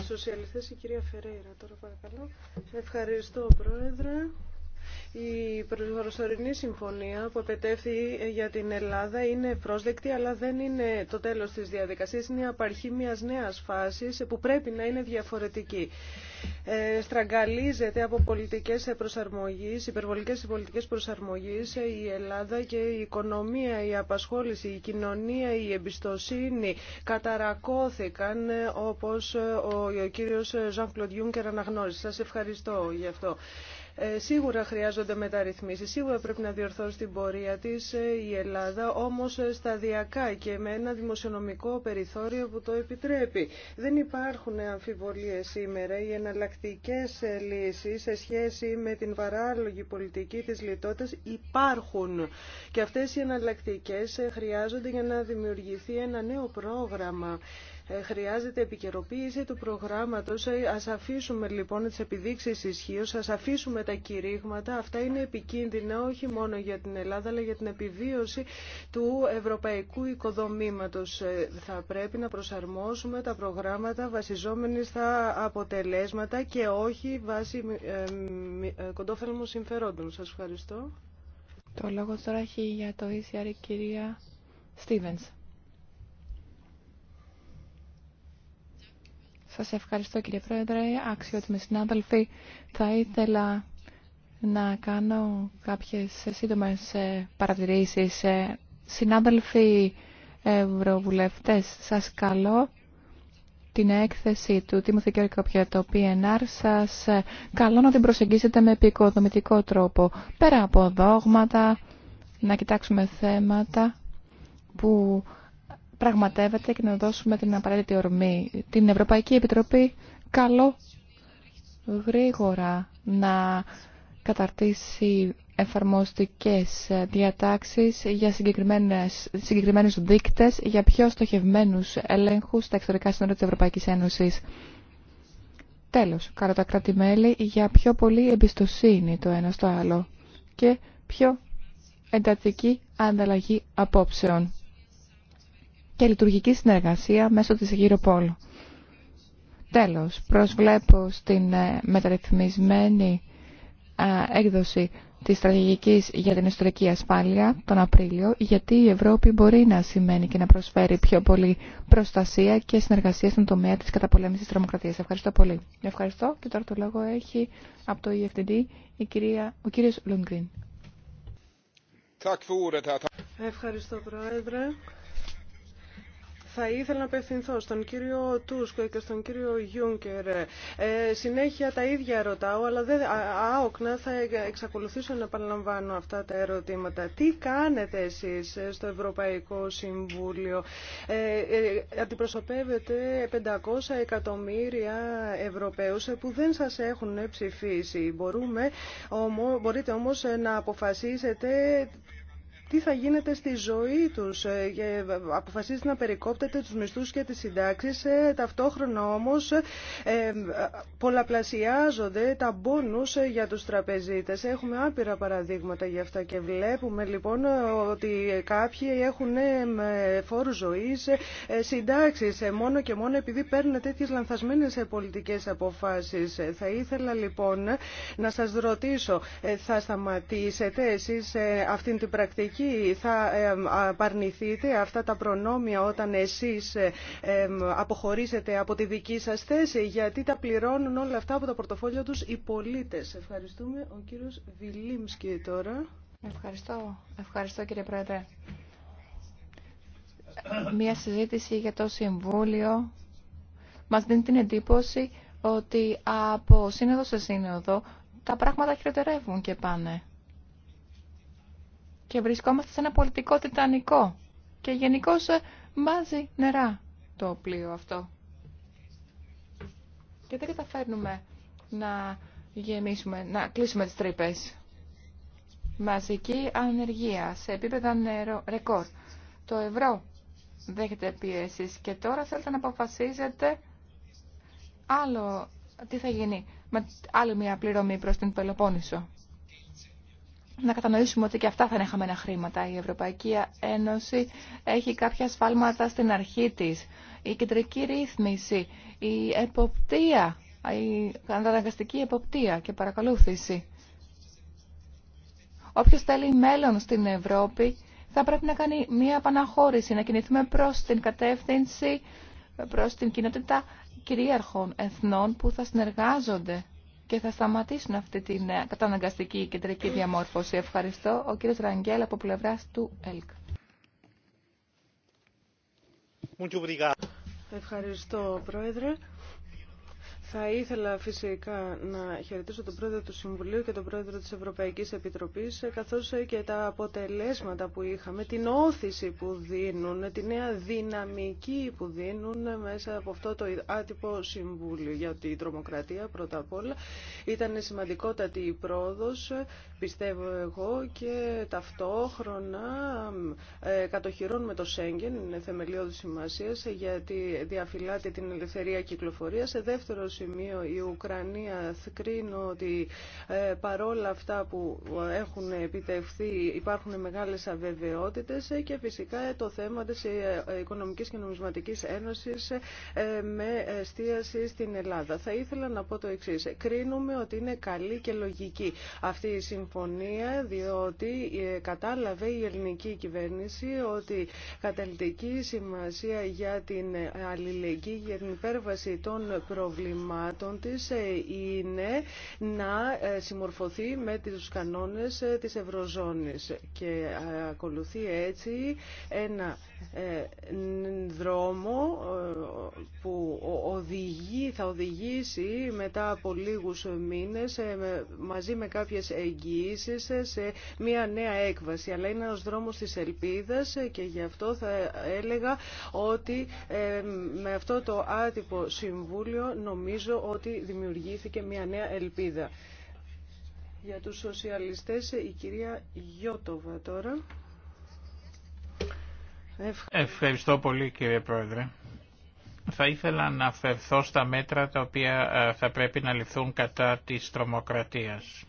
σοσιαλιστές η κυρία Φερέιρα τώρα παρακαλώ. Ευχαριστώ πρόεδρε. Η προσωρινή συμφωνία που επετέφθη για την Ελλάδα είναι πρόσδεκτη, αλλά δεν είναι το τέλος της διαδικασίας. Είναι η απαρχή μιας νέας φάσης που πρέπει να είναι διαφορετική. Ε, στραγγαλίζεται από πολιτικές προσαρμογής, υπερβολικές πολιτικές προσαρμογής ε, η Ελλάδα και η οικονομία, η απασχόληση, η κοινωνία, η εμπιστοσύνη καταρακώθηκαν ε, όπως ε, ο, ο κύριος Ζαν Κλοντιούνκερ αναγνώρισε. Σας ευχαριστώ γι' αυτό. Ε, σίγουρα χρειάζονται μεταρρυθμίσεις, σίγουρα πρέπει να διορθώσει την πορεία της ε, η Ελλάδα, όμως ε, σταδιακά και με ένα δημοσιονομικό περιθώριο που το επιτρέπει. Δεν υπάρχουν αμφιβολίες σήμερα. Οι εναλλακτικέ λύσεις σε σχέση με την παράλογη πολιτική της λιτότητας υπάρχουν. Και αυτές οι εναλλακτικέ χρειάζονται για να δημιουργηθεί ένα νέο πρόγραμμα ε, χρειάζεται επικαιροποίηση του προγράμματος. Ε, ας αφήσουμε λοιπόν τις επιδείξεις ισχύω, ας αφήσουμε τα κηρύγματα. Αυτά είναι επικίνδυνα όχι μόνο για την Ελλάδα αλλά για την επιβίωση του ευρωπαϊκού οικοδομήματος. Ε, θα πρέπει να προσαρμόσουμε τα προγράμματα βασιζόμενοι στα αποτελέσματα και όχι βάσει κοντόφελμου συμφερόντων. Σας ευχαριστώ. Το λόγο τώρα έχει για το ECR κυρία Στίβενς. Σας ευχαριστώ κύριε Πρόεδρε, αξιότιμοι συνάδελφοι. Θα ήθελα να κάνω κάποιες σύντομες ε, παρατηρήσεις. Ε, συνάδελφοι ευρωβουλευτές, σας καλώ την έκθεση του Τίμωθη και το PNR σας ε, καλώ να την προσεγγίσετε με επικοδομητικό τρόπο. Πέρα από δόγματα, να κοιτάξουμε θέματα που πραγματεύεται και να δώσουμε την απαραίτητη ορμή. Την Ευρωπαϊκή Επιτροπή καλό γρήγορα να καταρτήσει εφαρμοστικές διατάξεις για συγκεκριμένες, συγκεκριμένους δείκτες για πιο στοχευμένους ελέγχους στα εξωτερικά σύνορα της Ευρωπαϊκής Ένωσης. Τέλος, κατά τα κράτη-μέλη για πιο πολύ εμπιστοσύνη το ένα στο άλλο και πιο εντατική ανταλλαγή απόψεων και λειτουργική συνεργασία μέσω της πόλου. Τέλος, προσβλέπω στην ε, μεταρρυθμισμένη ε, έκδοση της στρατηγικής για την ιστορική ασφάλεια τον Απρίλιο, γιατί η Ευρώπη μπορεί να σημαίνει και να προσφέρει πιο πολύ προστασία και συνεργασία στον τομέα της καταπολέμησης της τρομοκρατίας. Ευχαριστώ πολύ. Ευχαριστώ και τώρα το λόγο έχει από το EFTD η κυρία, ο κύριος Λουνγκριν. Ευχαριστώ Πρόεδρε. Θα ήθελα να απευθυνθώ στον κύριο Τούσκο και στον κύριο Γιούνκερ. Ε, συνέχεια τα ίδια ρωτάω, αλλά δεν, άοκνα θα εξακολουθήσω να επαναλαμβάνω αυτά τα ερωτήματα. Τι κάνετε εσείς ε, στο Ευρωπαϊκό Συμβούλιο. Ε, ε αντιπροσωπεύετε 500 εκατομμύρια Ευρωπαίους ε, που δεν σας έχουν ψηφίσει. Μπορούμε, μπορείτε όμως να αποφασίσετε τι θα γίνεται στη ζωή τους. Ε, Αποφασίζει να περικόπτεται τους μισθούς και τις συντάξεις. Ε, ταυτόχρονα όμως ε, πολλαπλασιάζονται τα μπόνους για τους τραπεζίτες. Έχουμε άπειρα παραδείγματα για αυτά και βλέπουμε λοιπόν ότι κάποιοι έχουν φόρου ζωής, συντάξεις μόνο και μόνο επειδή παίρνουν τέτοιες λανθασμένες πολιτικές αποφάσεις. Θα ήθελα λοιπόν να σας ρωτήσω, θα σταματήσετε εσείς αυτήν την πρακτική Εκεί θα απαρνηθείτε αυτά τα προνόμια όταν εσείς αποχωρήσετε από τη δική σας θέση γιατί τα πληρώνουν όλα αυτά από το πορτοφόλιο τους οι πολίτες. Ευχαριστούμε. Ο κύριος Βιλίμσκι τώρα. Ευχαριστώ. Ευχαριστώ κύριε Πρόεδρε. Μία συζήτηση για το Συμβούλιο μας δίνει την εντύπωση ότι από σύνοδο σε σύνοδο τα πράγματα χειροτερεύουν και πάνε και βρισκόμαστε σε ένα πολιτικό τιτανικό και γενικώ ε, μάζει νερά το πλοίο αυτό. Και δεν καταφέρνουμε να γεμίσουμε, να κλείσουμε τις τρύπες. Μαζική ανεργία σε επίπεδα νερό, ρεκόρ. Το ευρώ δέχεται πιέσεις και τώρα θέλετε να αποφασίζετε άλλο τι θα γίνει με άλλη μια πληρωμή προς την Πελοπόννησο να κατανοήσουμε ότι και αυτά θα είναι χαμένα χρήματα. Η Ευρωπαϊκή Ένωση έχει κάποια σφάλματα στην αρχή της. Η κεντρική ρύθμιση, η εποπτεία, η καταναγκαστική εποπτεία και παρακολούθηση. Όποιος θέλει μέλλον στην Ευρώπη θα πρέπει να κάνει μία επαναχώρηση, να κινηθούμε προς την κατεύθυνση, προς την κοινότητα κυρίαρχων εθνών που θα συνεργάζονται και θα σταματήσουν αυτή την ε, καταναγκαστική κεντρική διαμόρφωση. Ευχαριστώ. Ο κύριος Ραγγέλ από πλευρά του ΕΛΚ. Ευχαριστώ, Πρόεδρε. Θα ήθελα φυσικά να χαιρετήσω τον πρόεδρο του Συμβουλίου και τον πρόεδρο της Ευρωπαϊκής Επιτροπής, καθώς και τα αποτελέσματα που είχαμε, την όθηση που δίνουν, τη νέα δυναμική που δίνουν μέσα από αυτό το άτυπο Συμβούλιο για τη τρομοκρατία πρώτα απ' όλα. Ήταν σημαντικότατη η πρόοδος, πιστεύω εγώ, και ταυτόχρονα ε, κατοχυρώνουμε το Σέγγεν, είναι θεμελιώδη σημασία, γιατί διαφυλάται την ελευθερία κυκλοφορία. Σε δεύτερο η Ουκρανία κρίνω ότι ε, παρόλα αυτά που έχουν επιτευχθεί υπάρχουν μεγάλες αβεβαιότητες και φυσικά το θέμα της ε, Οικονομικής και Νομισματικής Ένωσης ε, με εστίαση στην Ελλάδα. Θα ήθελα να πω το εξή. Κρίνουμε ότι είναι καλή και λογική αυτή η συμφωνία διότι κατάλαβε η ελληνική κυβέρνηση ότι καταλητική σημασία για την αλληλεγγύη, για την υπέρβαση των προβλημάτων δικαιωμάτων της ε, είναι να ε, συμμορφωθεί με τους κανόνες ε, της Ευρωζώνης και ακολουθεί έτσι ένα ε, δρόμο ε, που οδηγεί, θα οδηγήσει μετά από λίγους μήνες ε, μαζί με κάποιες εγγυήσει σε μια νέα έκβαση. Αλλά είναι ένας δρόμος της ελπίδας και γι' αυτό θα έλεγα ότι με αυτό το άτυπο συμβούλιο νομίζω ότι δημιουργήθηκε μια νέα ελπίδα. Για τους σοσιαλιστές η κυρία Γιώτοβα τώρα. Ευχαριστώ πολύ κύριε Πρόεδρε. Θα ήθελα να αφαιρθώ στα μέτρα τα οποία ε, θα πρέπει να ληφθούν κατά της τρομοκρατίας.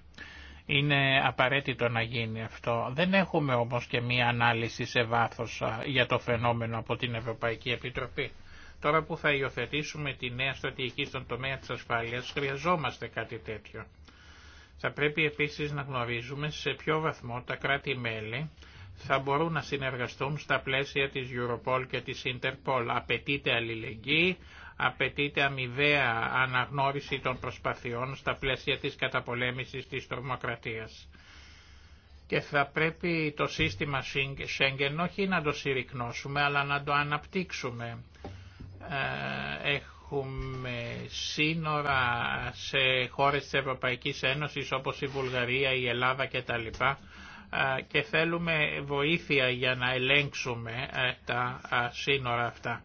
Είναι απαραίτητο να γίνει αυτό. Δεν έχουμε όμως και μία ανάλυση σε βάθος ε, για το φαινόμενο από την Ευρωπαϊκή Επιτροπή. Τώρα που θα υιοθετήσουμε τη νέα στρατηγική στον τομέα της ασφάλειας χρειαζόμαστε κάτι τέτοιο. Θα πρέπει επίσης να γνωρίζουμε σε ποιο βαθμό τα κράτη-μέλη θα μπορούν να συνεργαστούν στα πλαίσια της Europol και της Interpol. Απαιτείται αλληλεγγύη, απαιτείται αμοιβαία αναγνώριση των προσπαθειών στα πλαίσια της καταπολέμησης της τρομοκρατίας. Και θα πρέπει το σύστημα Schengen όχι να το συρρυκνώσουμε αλλά να το αναπτύξουμε. Ε, έχουμε σύνορα σε χώρες της Ευρωπαϊκής Ένωσης όπως η Βουλγαρία, η Ελλάδα κτλ και θέλουμε βοήθεια για να ελέγξουμε τα σύνορα αυτά.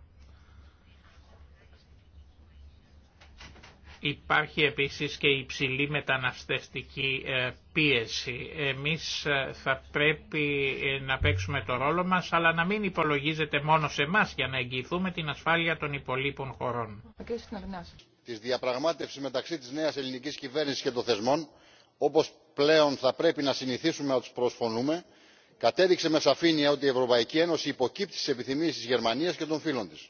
Υπάρχει επίσης και υψηλή μεταναστευτική ε, πίεση. Εμείς ε, θα πρέπει ε, να παίξουμε το ρόλο μας, αλλά να μην υπολογίζεται μόνο σε εμά για να εγγυηθούμε την ασφάλεια των υπολείπων χωρών. Τη διαπραγμάτευση μεταξύ της νέας ελληνικής κυβέρνησης και των θεσμών, όπως πλέον θα πρέπει να συνηθίσουμε να τους προσφωνούμε κατέδειξε με σαφήνεια ότι η ευρωπαϊκή ένωση υποκύπτει στις επιθυμίες της γερμανίας και των φίλων της.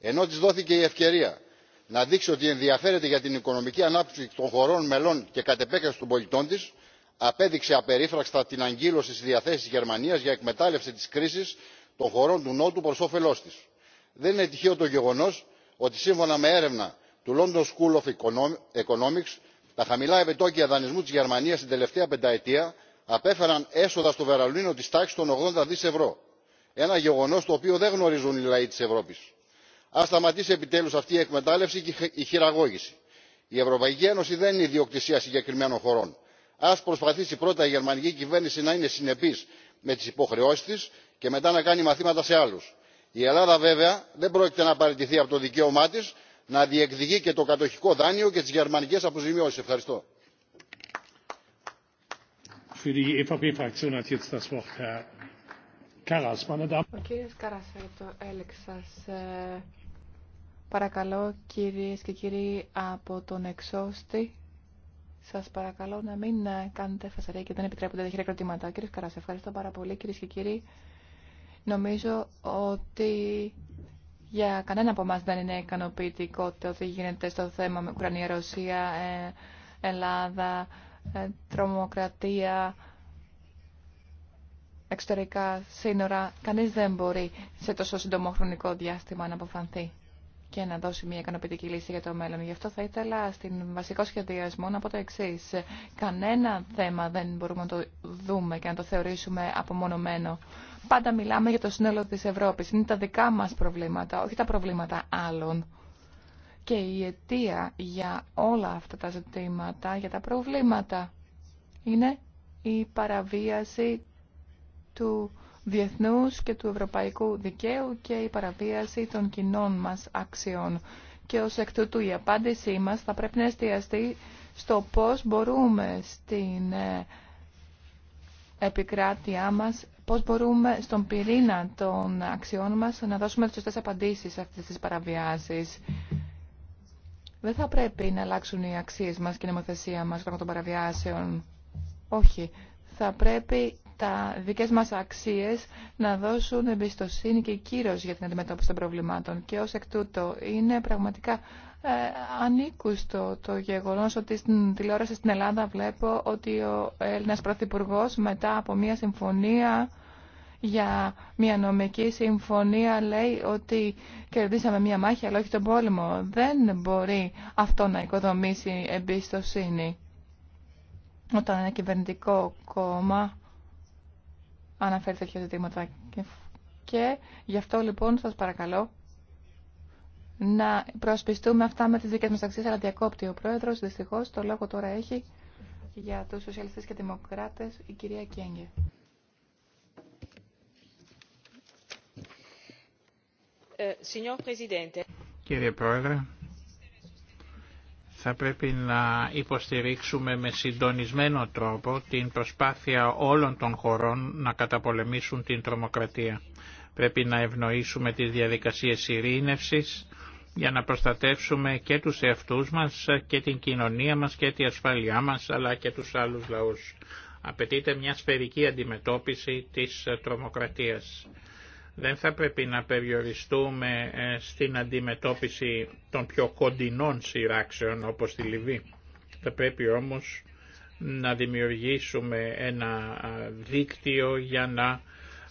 ενώ της δόθηκε η ευκαιρία να δείξει ότι ενδιαφέρεται για την οικονομική ανάπτυξη των χωρών μελών και κατ' επέκταση των πολιτών της απέδειξε απερίφραστα την αγκύλωση στις διαθέσεις της γερμανίας για εκμετάλλευση της κρίσης των χωρών του νότου προς όφελός της. δεν είναι τυχαίο το γεγονός ότι σύμφωνα με έρευνα του london school of economics τα χαμηλά επιτόκια δανεισμού της γερμανίας την τελευταία πενταετία απέφεραν έσοδα στο βερολίνο της τάξης των 80 δις ευρώ ένα γεγονός το οποίο δεν γνωρίζουν οι λαοί της ευρώπης. ας σταματήσει επιτέλους αυτή η εκμετάλλευση και η χειραγώγηση. η ευρωπαϊκή ένωση δεν είναι ιδιοκτησία συγκεκριμένων χωρών. ας προσπαθήσει πρώτα η γερμανική κυβέρνηση να είναι συνεπής με τις υποχρεώσεις της και μετά να κάνει μαθήματα σε άλλους. η ελλάδα βέβαια δεν πρόκειται να παραιτηθεί από το δικαίωμά τη, να διεκδικεί και το κατοχικό δάνειο και τις γερμανικές αποζημιώσεις. Ευχαριστώ. Ο κύριος Karas, το έλεξα. Ε, παρακαλώ κυρίες και κύριοι από τον εξώστη, σας παρακαλώ να μην ε, κάνετε φασαρία και δεν επιτρέπονται τα χειροκροτήματα. Κύριε κύριος ευχαριστώ πάρα πολύ κυρίες και κύριοι. Νομίζω ότι για κανένα από εμά δεν είναι ικανοποιητικό το ότι γίνεται στο θέμα με Ουκρανία, Ρωσία, ε, Ελλάδα, ε, τρομοκρατία, εξωτερικά σύνορα. Κανείς δεν μπορεί σε τόσο σύντομο χρονικό διάστημα να αποφανθεί και να δώσει μια ικανοποιητική λύση για το μέλλον. Γι' αυτό θα ήθελα στην βασικό σχεδιασμό να πω το εξή. Κανένα θέμα δεν μπορούμε να το δούμε και να το θεωρήσουμε απομονωμένο. Πάντα μιλάμε για το σύνολο της Ευρώπης. Είναι τα δικά μας προβλήματα, όχι τα προβλήματα άλλων. Και η αιτία για όλα αυτά τα ζητήματα, για τα προβλήματα, είναι η παραβίαση του διεθνούς και του ευρωπαϊκού δικαίου και η παραβίαση των κοινών μας αξιών. Και ως εκ τούτου η απάντησή μας θα πρέπει να εστιαστεί στο πώς μπορούμε στην ε, επικράτειά μας πώς μπορούμε στον πυρήνα των αξιών μας να δώσουμε τις σωστές απαντήσεις σε αυτές τις παραβιάσεις. Δεν θα πρέπει να αλλάξουν οι αξίες μας και η νομοθεσία μας λόγω των παραβιάσεων. Όχι. Θα πρέπει τα δικές μας αξίες να δώσουν εμπιστοσύνη και κύρος για την αντιμετώπιση των προβλημάτων. Και ως εκ τούτου είναι πραγματικά ε, ανήκουστο το γεγονός ότι στην τηλεόραση στην Ελλάδα βλέπω ότι ο Έλληνας Πρωθυπουργό μετά από μια συμφωνία για μια νομική συμφωνία λέει ότι κερδίσαμε μια μάχη αλλά όχι τον πόλεμο. Δεν μπορεί αυτό να οικοδομήσει εμπιστοσύνη. Όταν ένα κυβερνητικό κόμμα αναφέρει τέτοια ζητήματα. Και γι' αυτό λοιπόν σας παρακαλώ να προσπιστούμε αυτά με τις δικές μας αξίες, αλλά διακόπτει ο Πρόεδρος, δυστυχώς, το λόγο τώρα έχει για τους σοσιαλιστές και δημοκράτες η κυρία Κέγγε. Ε, Κύριε Πρόεδρε, θα πρέπει να υποστηρίξουμε με συντονισμένο τρόπο την προσπάθεια όλων των χωρών να καταπολεμήσουν την τρομοκρατία. Πρέπει να ευνοήσουμε τις διαδικασίες ειρήνευσης για να προστατεύσουμε και τους εαυτούς μας και την κοινωνία μας και την ασφάλειά μας αλλά και τους άλλους λαούς. Απαιτείται μια σφαιρική αντιμετώπιση της τρομοκρατίας δεν θα πρέπει να περιοριστούμε ε, στην αντιμετώπιση των πιο κοντινών σειράξεων όπως τη Λιβύη. Θα πρέπει όμως να δημιουργήσουμε ένα δίκτυο για να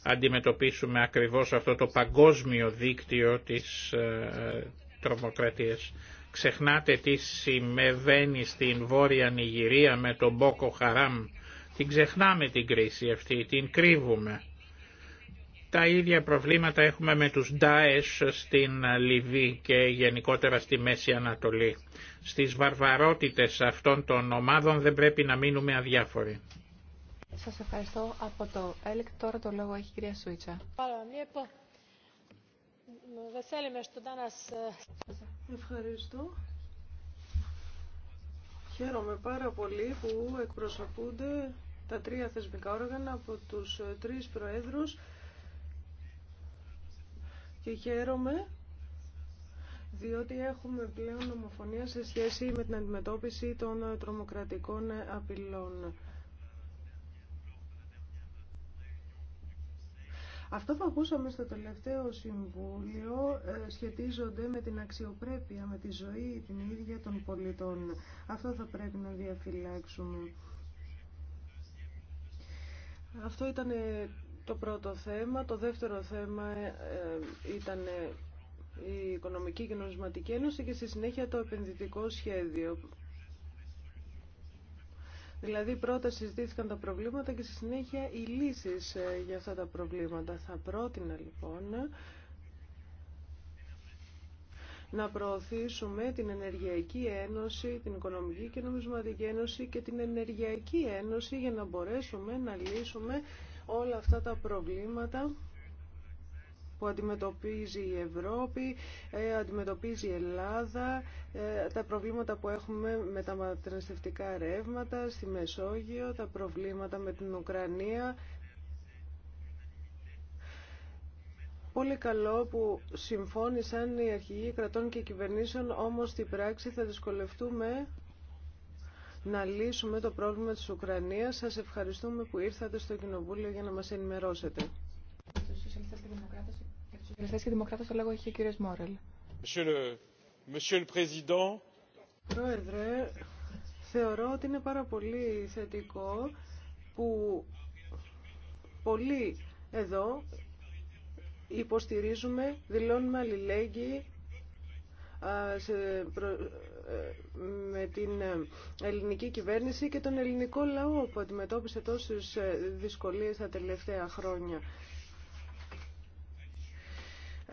αντιμετωπίσουμε ακριβώς αυτό το παγκόσμιο δίκτυο της ε, τρομοκρατίας. Ξεχνάτε τι συμβαίνει στην Βόρεια Νιγηρία με τον Μπόκο Χαράμ. Την ξεχνάμε την κρίση αυτή, την κρύβουμε. Τα ίδια προβλήματα έχουμε με τους Ντάες στην Λιβύη και γενικότερα στη Μέση Ανατολή. Στις βαρβαρότητες αυτών των ομάδων δεν πρέπει να μείνουμε αδιάφοροι. Σας ευχαριστώ από το ΕΛΚ. Τώρα το λόγο έχει η κυρία Σούιτσα. Ευχαριστώ. Χαίρομαι πάρα πολύ που εκπροσωπούνται τα τρία θεσμικά όργανα από τους τρεις προέδρους και χαίρομαι διότι έχουμε πλέον ομοφωνία σε σχέση με την αντιμετώπιση των τρομοκρατικών απειλών. Αυτό που ακούσαμε στο τελευταίο Συμβούλιο ε, σχετίζονται με την αξιοπρέπεια, με τη ζωή την ίδια των πολιτών. Αυτό θα πρέπει να διαφυλάξουμε. Αυτό ήταν ε, το πρώτο θέμα. Το δεύτερο θέμα ε, ε, ήταν ε, η Οικονομική και Νομισματική Ένωση και στη συνέχεια το επενδυτικό σχέδιο. Δηλαδή πρώτα συζητήθηκαν τα προβλήματα και στη συνέχεια οι λύσεις για αυτά τα προβλήματα. Θα πρότεινα λοιπόν να προωθήσουμε την Ενεργειακή Ένωση, την Οικονομική και Νομισματική Ένωση και την Ενεργειακή Ένωση για να μπορέσουμε να λύσουμε όλα αυτά τα προβλήματα που αντιμετωπίζει η Ευρώπη, ε, αντιμετωπίζει η Ελλάδα, ε, τα προβλήματα που έχουμε με τα μεταναστευτικά ρεύματα στη Μεσόγειο, τα προβλήματα με την Ουκρανία. Πολύ καλό που συμφώνησαν οι αρχηγοί κρατών και κυβερνήσεων, όμως στην πράξη θα δυσκολευτούμε να λύσουμε το πρόβλημα της Ουκρανίας. Σας ευχαριστούμε που ήρθατε στο Κοινοβούλιο για να μας ενημερώσετε. και Πρόεδρε, θεωρώ ότι είναι πάρα πολύ θετικό που πολλοί εδώ υποστηρίζουμε, δηλώνουμε αλληλέγγυη σε με την ε, ελληνική κυβέρνηση και τον ελληνικό λαό που αντιμετώπισε τόσες ε, δυσκολίες τα τελευταία χρόνια.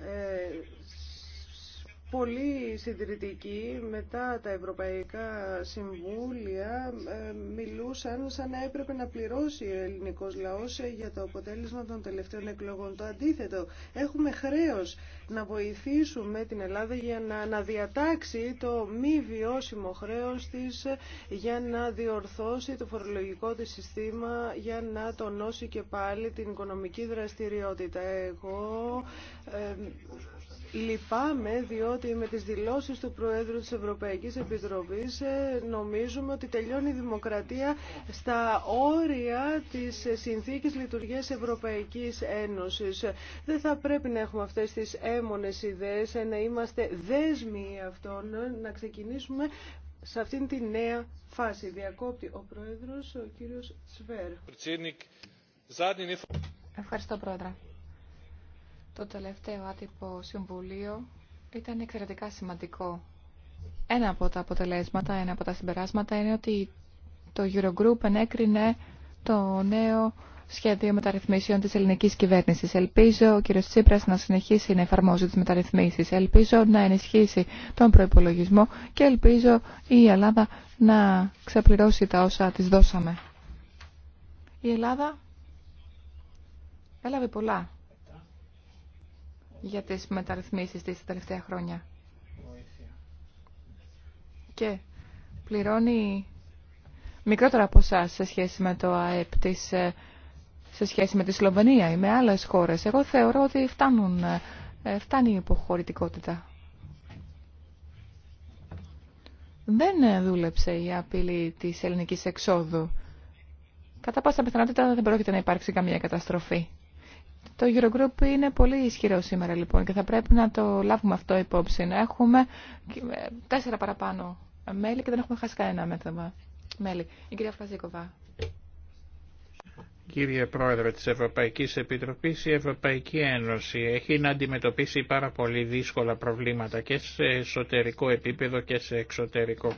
Ε, πολύ συντηρητικοί μετά τα Ευρωπαϊκά Συμβούλια ε, μιλούσαν σαν να έπρεπε να πληρώσει ο ελληνικός λαός ε, για το αποτέλεσμα των τελευταίων εκλογών. Το αντίθετο, έχουμε χρέος να βοηθήσουμε την Ελλάδα για να αναδιατάξει το μη βιώσιμο χρέος της ε, για να διορθώσει το φορολογικό της σύστημα για να τονώσει και πάλι την οικονομική δραστηριότητα. Εγώ Λυπάμαι διότι με τις δηλώσεις του Προέδρου της Ευρωπαϊκής Επιτροπής ε, νομίζουμε ότι τελειώνει η δημοκρατία στα όρια της συνθήκης λειτουργίας Ευρωπαϊκής Ένωσης. Δεν θα πρέπει να έχουμε αυτές τις έμονες ιδέες, ε, να είμαστε δέσμοι αυτών, ε, να ξεκινήσουμε σε αυτήν τη νέα φάση. Διακόπτει ο Πρόεδρος, ο κύριος Σβέρ. Ευχαριστώ Πρόεδρε. Το τελευταίο άτυπο συμβουλίο ήταν εξαιρετικά σημαντικό. Ένα από τα αποτελέσματα, ένα από τα συμπεράσματα είναι ότι το Eurogroup ενέκρινε το νέο σχέδιο μεταρρυθμίσεων της ελληνικής κυβέρνησης. Ελπίζω ο κ. Τσίπρας να συνεχίσει να εφαρμόζει τις μεταρρυθμίσεις. Ελπίζω να ενισχύσει τον προϋπολογισμό και ελπίζω η Ελλάδα να ξεπληρώσει τα όσα της δώσαμε. Η Ελλάδα έλαβε πολλά για τις μεταρρυθμίσεις της τα τελευταία χρόνια. Και πληρώνει μικρότερα από εσά σε σχέση με το ΑΕΠ της, ε, σε σχέση με τη Σλοβενία ή με άλλες χώρες. Εγώ θεωρώ ότι φτάνουν, ε, φτάνει η υποχωρητικότητα. Δεν ε, δούλεψε η απειλή της ελληνικής εξόδου. Κατά πάσα πιθανότητα δεν πρόκειται να υπάρξει καμία καταστροφή. Το Eurogroup είναι πολύ ισχυρό σήμερα λοιπόν και θα πρέπει να το λάβουμε αυτό υπόψη. να Έχουμε τέσσερα παραπάνω μέλη και δεν έχουμε χάσει κανένα μέθαμα. μέλη. Η κυρία Φραζίκοβα. Κύριε Πρόεδρε της Ευρωπαϊκής Επιτροπής, η Ευρωπαϊκή Ένωση έχει να αντιμετωπίσει πάρα πολύ δύσκολα προβλήματα και σε εσωτερικό επίπεδο και σε εξωτερικό.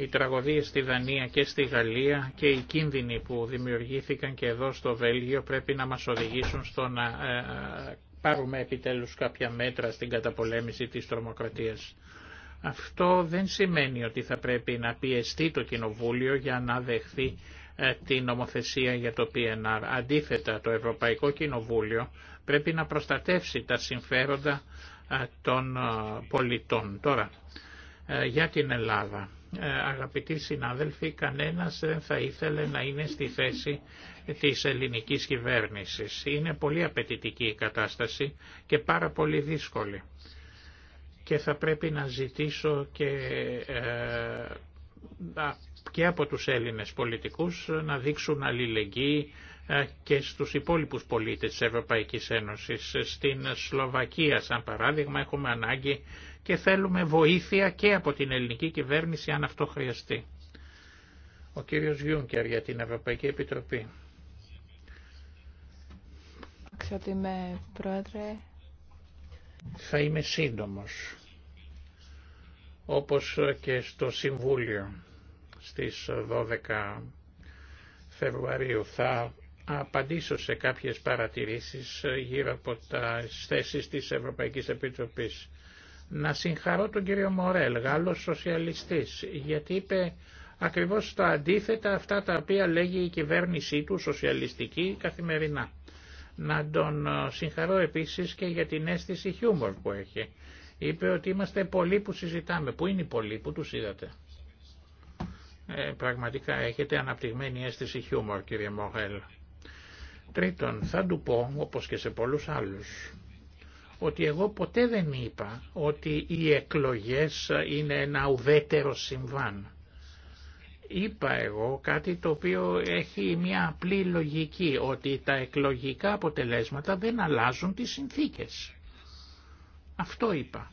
Οι τραγωδίες στη Δανία και στη Γαλλία και οι κίνδυνοι που δημιουργήθηκαν και εδώ στο Βέλγιο πρέπει να μας οδηγήσουν στο να ε, πάρουμε επιτέλους κάποια μέτρα στην καταπολέμηση της τρομοκρατίας. Αυτό δεν σημαίνει ότι θα πρέπει να πιεστεί το Κοινοβούλιο για να δεχθεί ε, την νομοθεσία για το PNR. Αντίθετα, το Ευρωπαϊκό Κοινοβούλιο πρέπει να προστατεύσει τα συμφέροντα ε, των πολιτών. Τώρα, για την Ελλάδα. Ε, αγαπητοί συνάδελφοι, κανένας δεν θα ήθελε να είναι στη θέση της ελληνικής κυβέρνησης. Είναι πολύ απαιτητική η κατάσταση και πάρα πολύ δύσκολη. Και θα πρέπει να ζητήσω και, ε, και από τους Έλληνες πολιτικούς να δείξουν αλληλεγγύη ε, και στους υπόλοιπους πολίτες της Ευρωπαϊκής Ένωσης. Στην Σλοβακία, σαν παράδειγμα, έχουμε ανάγκη και θέλουμε βοήθεια και από την ελληνική κυβέρνηση αν αυτό χρειαστεί. Ο κύριος Γιούνκερ για την Ευρωπαϊκή Επιτροπή. Πρόεδρε. Θα είμαι σύντομος, όπως και στο Συμβούλιο στις 12 Φεβρουαρίου. Θα απαντήσω σε κάποιες παρατηρήσεις γύρω από τα θέσεις της Ευρωπαϊκής Επιτροπής. Να συγχαρώ τον κύριο Μορέλ, Γάλλος σοσιαλιστής, γιατί είπε ακριβώς τα αντίθετα αυτά τα οποία λέγει η κυβέρνησή του, σοσιαλιστική, καθημερινά. Να τον ε, συγχαρώ επίσης και για την αίσθηση χιούμορ που έχει. Είπε ότι είμαστε πολλοί που συζητάμε. Πού είναι οι πολλοί που τους είδατε. Ε, πραγματικά έχετε αναπτυγμένη αίσθηση χιούμορ κύριε Μορέλ. Τρίτον, θα του πω, όπως και σε πολλούς άλλους, ότι εγώ ποτέ δεν είπα ότι οι εκλογές είναι ένα ουδέτερο συμβάν. Είπα εγώ κάτι το οποίο έχει μια απλή λογική, ότι τα εκλογικά αποτελέσματα δεν αλλάζουν τις συνθήκες. Αυτό είπα.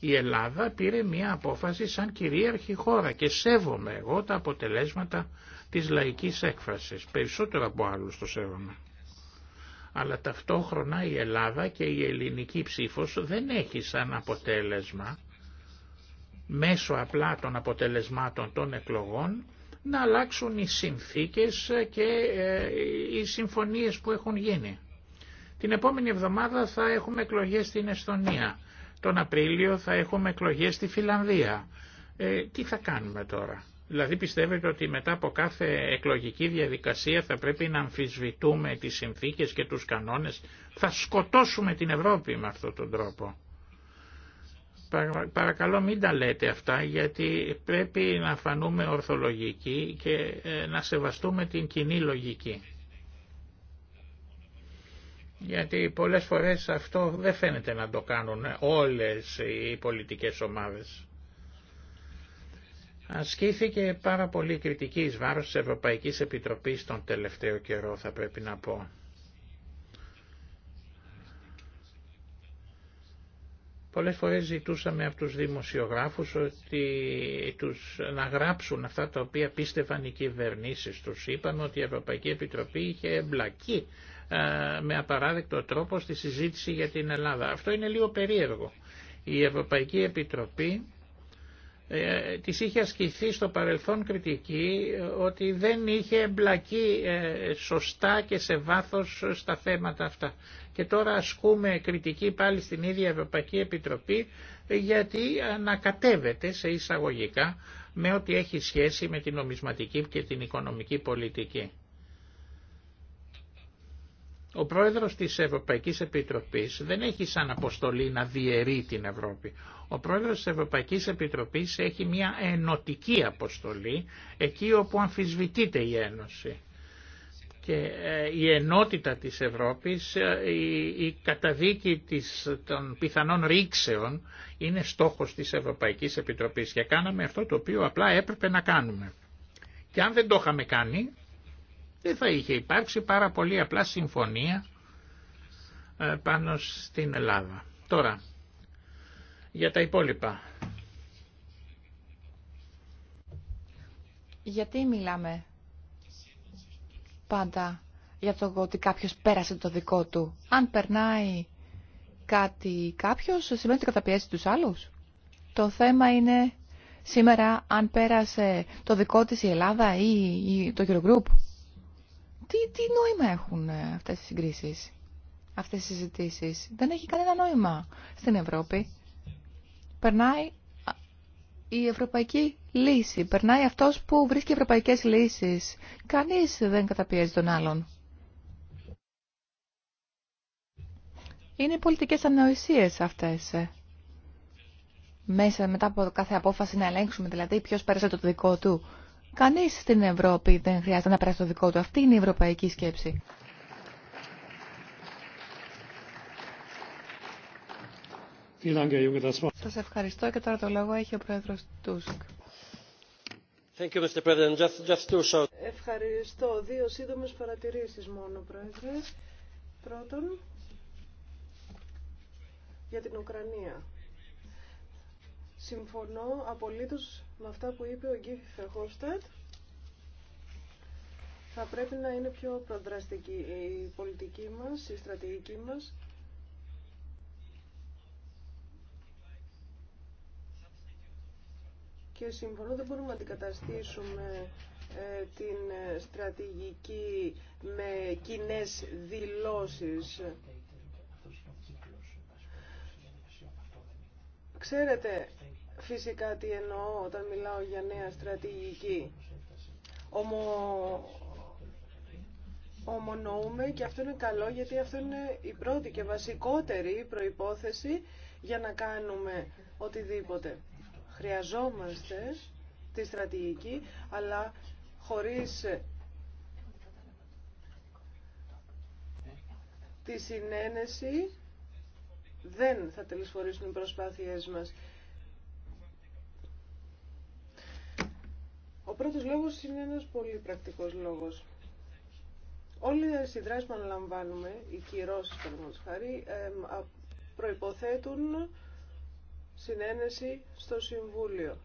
Η Ελλάδα πήρε μια απόφαση σαν κυρίαρχη χώρα και σέβομαι εγώ τα αποτελέσματα της λαϊκής έκφρασης. Περισσότερο από άλλους το σέβομαι αλλά ταυτόχρονα η Ελλάδα και η ελληνική ψήφος δεν έχει σαν αποτέλεσμα μέσω απλά των αποτελεσμάτων των εκλογών να αλλάξουν οι συνθήκες και ε, οι συμφωνίες που έχουν γίνει. Την επόμενη εβδομάδα θα έχουμε εκλογές στην Εστονία. Τον Απρίλιο θα έχουμε εκλογές στη Φιλανδία. Ε, τι θα κάνουμε τώρα. Δηλαδή πιστεύετε ότι μετά από κάθε εκλογική διαδικασία θα πρέπει να αμφισβητούμε τις συνθήκες και τους κανόνες. Θα σκοτώσουμε την Ευρώπη με αυτόν τον τρόπο. Παρακαλώ μην τα λέτε αυτά γιατί πρέπει να φανούμε ορθολογικοί και ε, να σεβαστούμε την κοινή λογική. Γιατί πολλές φορές αυτό δεν φαίνεται να το κάνουν όλες οι πολιτικές ομάδες. Ασκήθηκε πάρα πολύ κριτική εις βάρος της Ευρωπαϊκής Επιτροπής τον τελευταίο καιρό θα πρέπει να πω. Πολλές φορές ζητούσαμε από τους δημοσιογράφους ότι τους να γράψουν αυτά τα οποία πίστευαν οι κυβερνήσεις τους. Είπαμε ότι η Ευρωπαϊκή Επιτροπή είχε εμπλακεί με απαράδεκτο τρόπο στη συζήτηση για την Ελλάδα. Αυτό είναι λίγο περίεργο. Η Ευρωπαϊκή Επιτροπή ε, της είχε ασκηθεί στο παρελθόν κριτική ε, ότι δεν είχε εμπλακεί ε, σωστά και σε βάθος στα θέματα αυτά. Και τώρα ασκούμε κριτική πάλι στην ίδια Ευρωπαϊκή Επιτροπή γιατί ανακατεύεται σε εισαγωγικά με ό,τι έχει σχέση με την νομισματική και την οικονομική πολιτική. Ο πρόεδρος της Ευρωπαϊκής Επιτροπής δεν έχει σαν αποστολή να διαιρεί την Ευρώπη. Ο πρόεδρος της Ευρωπαϊκής Επιτροπής έχει μια ενωτική αποστολή εκεί όπου αμφισβητείται η Ένωση. Και ε, η ενότητα της Ευρώπης, ε, η καταδίκη της, των πιθανών ρήξεων είναι στόχος της Ευρωπαϊκής Επιτροπής και κάναμε αυτό το οποίο απλά έπρεπε να κάνουμε. Και αν δεν το είχαμε κάνει, δεν θα είχε υπάρξει πάρα πολύ απλά συμφωνία ε, πάνω στην Ελλάδα. Τώρα, για τα υπόλοιπα. Γιατί μιλάμε πάντα για το ότι κάποιος πέρασε το δικό του. Αν περνάει κάτι κάποιος, σημαίνει ότι καταπιέζει τους άλλους. Το θέμα είναι σήμερα αν πέρασε το δικό της η Ελλάδα ή, το Eurogroup. Τι, τι νόημα έχουν αυτές οι συγκρίσεις, αυτές οι συζητήσεις. Δεν έχει κανένα νόημα στην Ευρώπη περνάει η ευρωπαϊκή λύση. Περνάει αυτός που βρίσκει ευρωπαϊκές λύσεις. Κανείς δεν καταπιέζει τον άλλον. Είναι πολιτικές ανοησίες αυτές. Μέσα μετά από κάθε απόφαση να ελέγξουμε δηλαδή ποιος πέρασε το δικό του. Κανείς στην Ευρώπη δεν χρειάζεται να πέρασε το δικό του. Αυτή είναι η ευρωπαϊκή σκέψη. Σας ευχαριστώ και τώρα το λόγο έχει ο Πρόεδρος Τούσκ. Thank Ευχαριστώ. Δύο σύντομες παρατηρήσεις μόνο, Πρόεδρε. Πρώτον, για την Ουκρανία. Συμφωνώ απολύτως με αυτά που είπε ο Γκίφι Φεχόφστατ. Θα πρέπει να είναι πιο προδραστική η πολιτική μας, η στρατηγική μας. και συμφωνώ δεν μπορούμε να αντικαταστήσουμε ε, την ε, στρατηγική με κοινέ δηλώσεις. Ξέρετε φυσικά τι εννοώ όταν μιλάω για νέα στρατηγική. Ομο... Ομονοούμε και αυτό είναι καλό γιατί αυτό είναι η πρώτη και βασικότερη προϋπόθεση για να κάνουμε οτιδήποτε. Χρειαζόμαστε τη στρατηγική, αλλά χωρίς τη συνένεση δεν θα τελεσφορήσουν οι προσπάθειές μας. Ο πρώτος λόγος είναι ένας πολύ πρακτικός λόγος. Όλοι οι δράσεις που αναλαμβάνουμε, οι κυρώσεις, παραδείγματος χάρη, προϋποθέτουν συνένεση στο Συμβούλιο.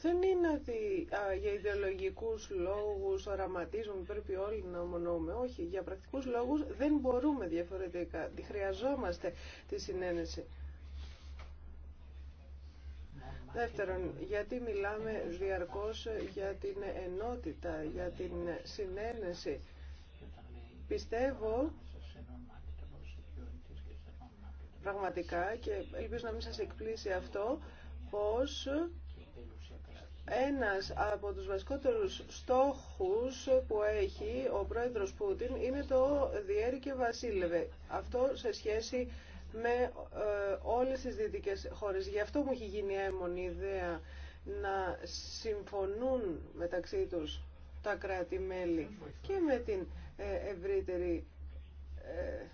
Δεν είναι ότι για ιδεολογικούς λόγους οραματίζουμε, πρέπει όλοι να ομονοούμε. Όχι, για πρακτικούς λόγους δεν μπορούμε διαφορετικά. Τη χρειαζόμαστε τη συνένεση. Δεύτερον, γιατί μιλάμε διαρκώς για την ενότητα, για την συνένεση. Πιστεύω πραγματικά και ελπίζω να μην σας εκπλήσει αυτό πως ένας από τους βασικότερους στόχους που έχει ο πρόεδρος Πούτιν είναι το διέρη και βασίλευε. Αυτό σε σχέση με ε, όλες τις δυτικές χώρες. Γι' αυτό μου έχει γίνει έμονη ιδέα να συμφωνούν μεταξύ τους τα κράτη-μέλη και με την ε, ευρύτερη ε,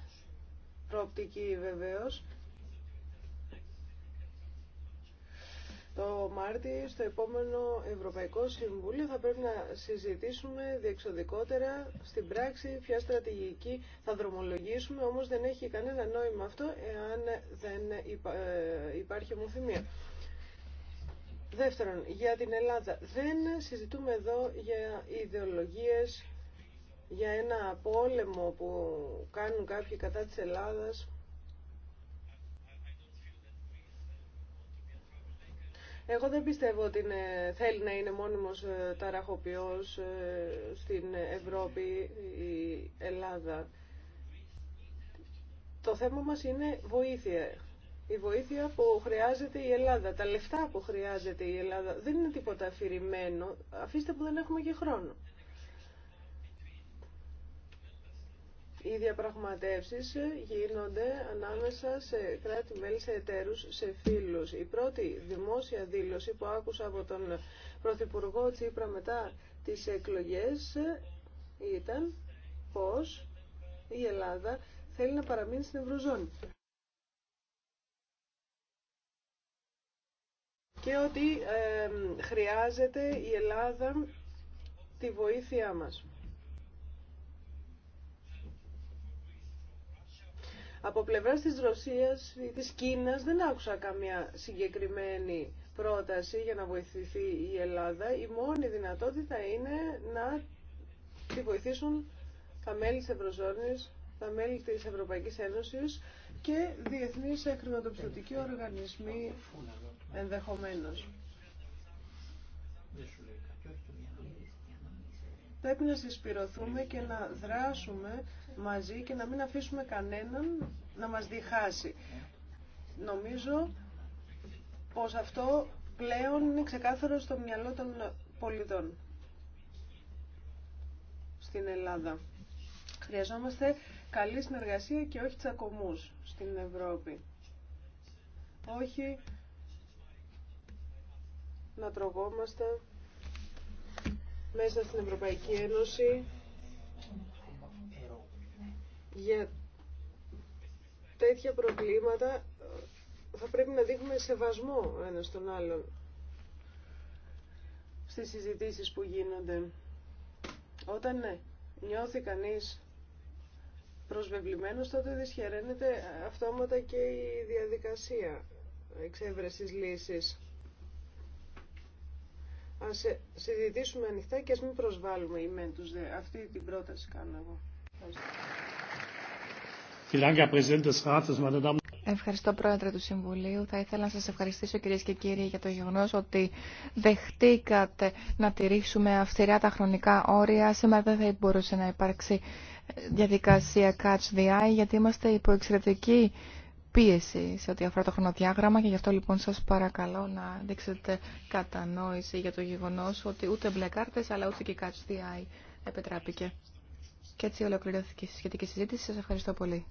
προοπτική βεβαίως. Το Μάρτι στο επόμενο Ευρωπαϊκό Συμβούλιο θα πρέπει να συζητήσουμε διεξοδικότερα στην πράξη ποια στρατηγική θα δρομολογήσουμε, όμως δεν έχει κανένα νόημα αυτό εάν δεν ε, υπάρχει ομοθυμία. Δεύτερον, για την Ελλάδα. Δεν συζητούμε εδώ για ιδεολογίες για ένα πόλεμο που κάνουν κάποιοι κατά της Ελλάδας. Εγώ δεν πιστεύω ότι θέλει να είναι μόνιμος ε, ταραχοποιός ε, στην Ευρώπη η Ελλάδα. Το θέμα μας είναι βοήθεια. Η βοήθεια που χρειάζεται η Ελλάδα, τα λεφτά που χρειάζεται η Ελλάδα δεν είναι τίποτα αφηρημένο. Αφήστε που δεν έχουμε και χρόνο. Οι διαπραγματεύσεις γίνονται ανάμεσα σε κράτη-μέλη, σε εταίρους, σε φίλους. Η πρώτη δημόσια δήλωση που άκουσα από τον Πρωθυπουργό Τσίπρα μετά τις εκλογές ήταν πως η Ελλάδα θέλει να παραμείνει στην Ευρωζώνη. Και ότι χρειάζεται η Ελλάδα τη βοήθειά μας. Από πλευράς της Ρωσίας ή της Κίνας δεν άκουσα καμία συγκεκριμένη πρόταση για να βοηθηθεί η Ελλάδα. Η μόνη δυνατότητα είναι να τη βοηθήσουν τα μέλη της Ευρωζώνης, τα μέλη της Ευρωπαϊκής Ένωσης και διεθνείς χρηματοπιστωτικοί οργανισμοί ενδεχομένως. πρέπει να συσπηρωθούμε και να δράσουμε μαζί και να μην αφήσουμε κανέναν να μας διχάσει. Νομίζω πως αυτό πλέον είναι ξεκάθαρο στο μυαλό των πολιτών στην Ελλάδα. Χρειαζόμαστε καλή συνεργασία και όχι τσακωμούς στην Ευρώπη. Όχι να τρογόμαστε μέσα στην Ευρωπαϊκή Ένωση για τέτοια προβλήματα ε, θα πρέπει να δείχνουμε σεβασμό ένα στον άλλον στις συζητήσεις που γίνονται. Όταν ναι, νιώθει κανείς προσβεβλημένος τότε δυσχεραίνεται αυτόματα και η διαδικασία εξέβρεσης λύσης. Α συζητήσουμε ανοιχτά και α μην προσβάλλουμε οι μεν του δε. Αυτή την πρόταση κάνω εγώ. Ευχαριστώ Πρόεδρε του Συμβουλίου. Θα ήθελα να σας ευχαριστήσω κυρίες και κύριοι για το γεγονός ότι δεχτήκατε να τηρήσουμε αυστηρά τα χρονικά όρια. Σήμερα δεν θα μπορούσε να υπάρξει διαδικασία catch the eye γιατί είμαστε υπό εξαιρετική πίεση σε ό,τι αφορά το χρονοδιάγραμμα και γι' αυτό λοιπόν σας παρακαλώ να δείξετε κατανόηση για το γεγονός ότι ούτε μπλε κάρτες αλλά ούτε και catch επετράπηκε. Και έτσι ολοκληρώθηκε η σχετική συζήτηση. Σας ευχαριστώ πολύ.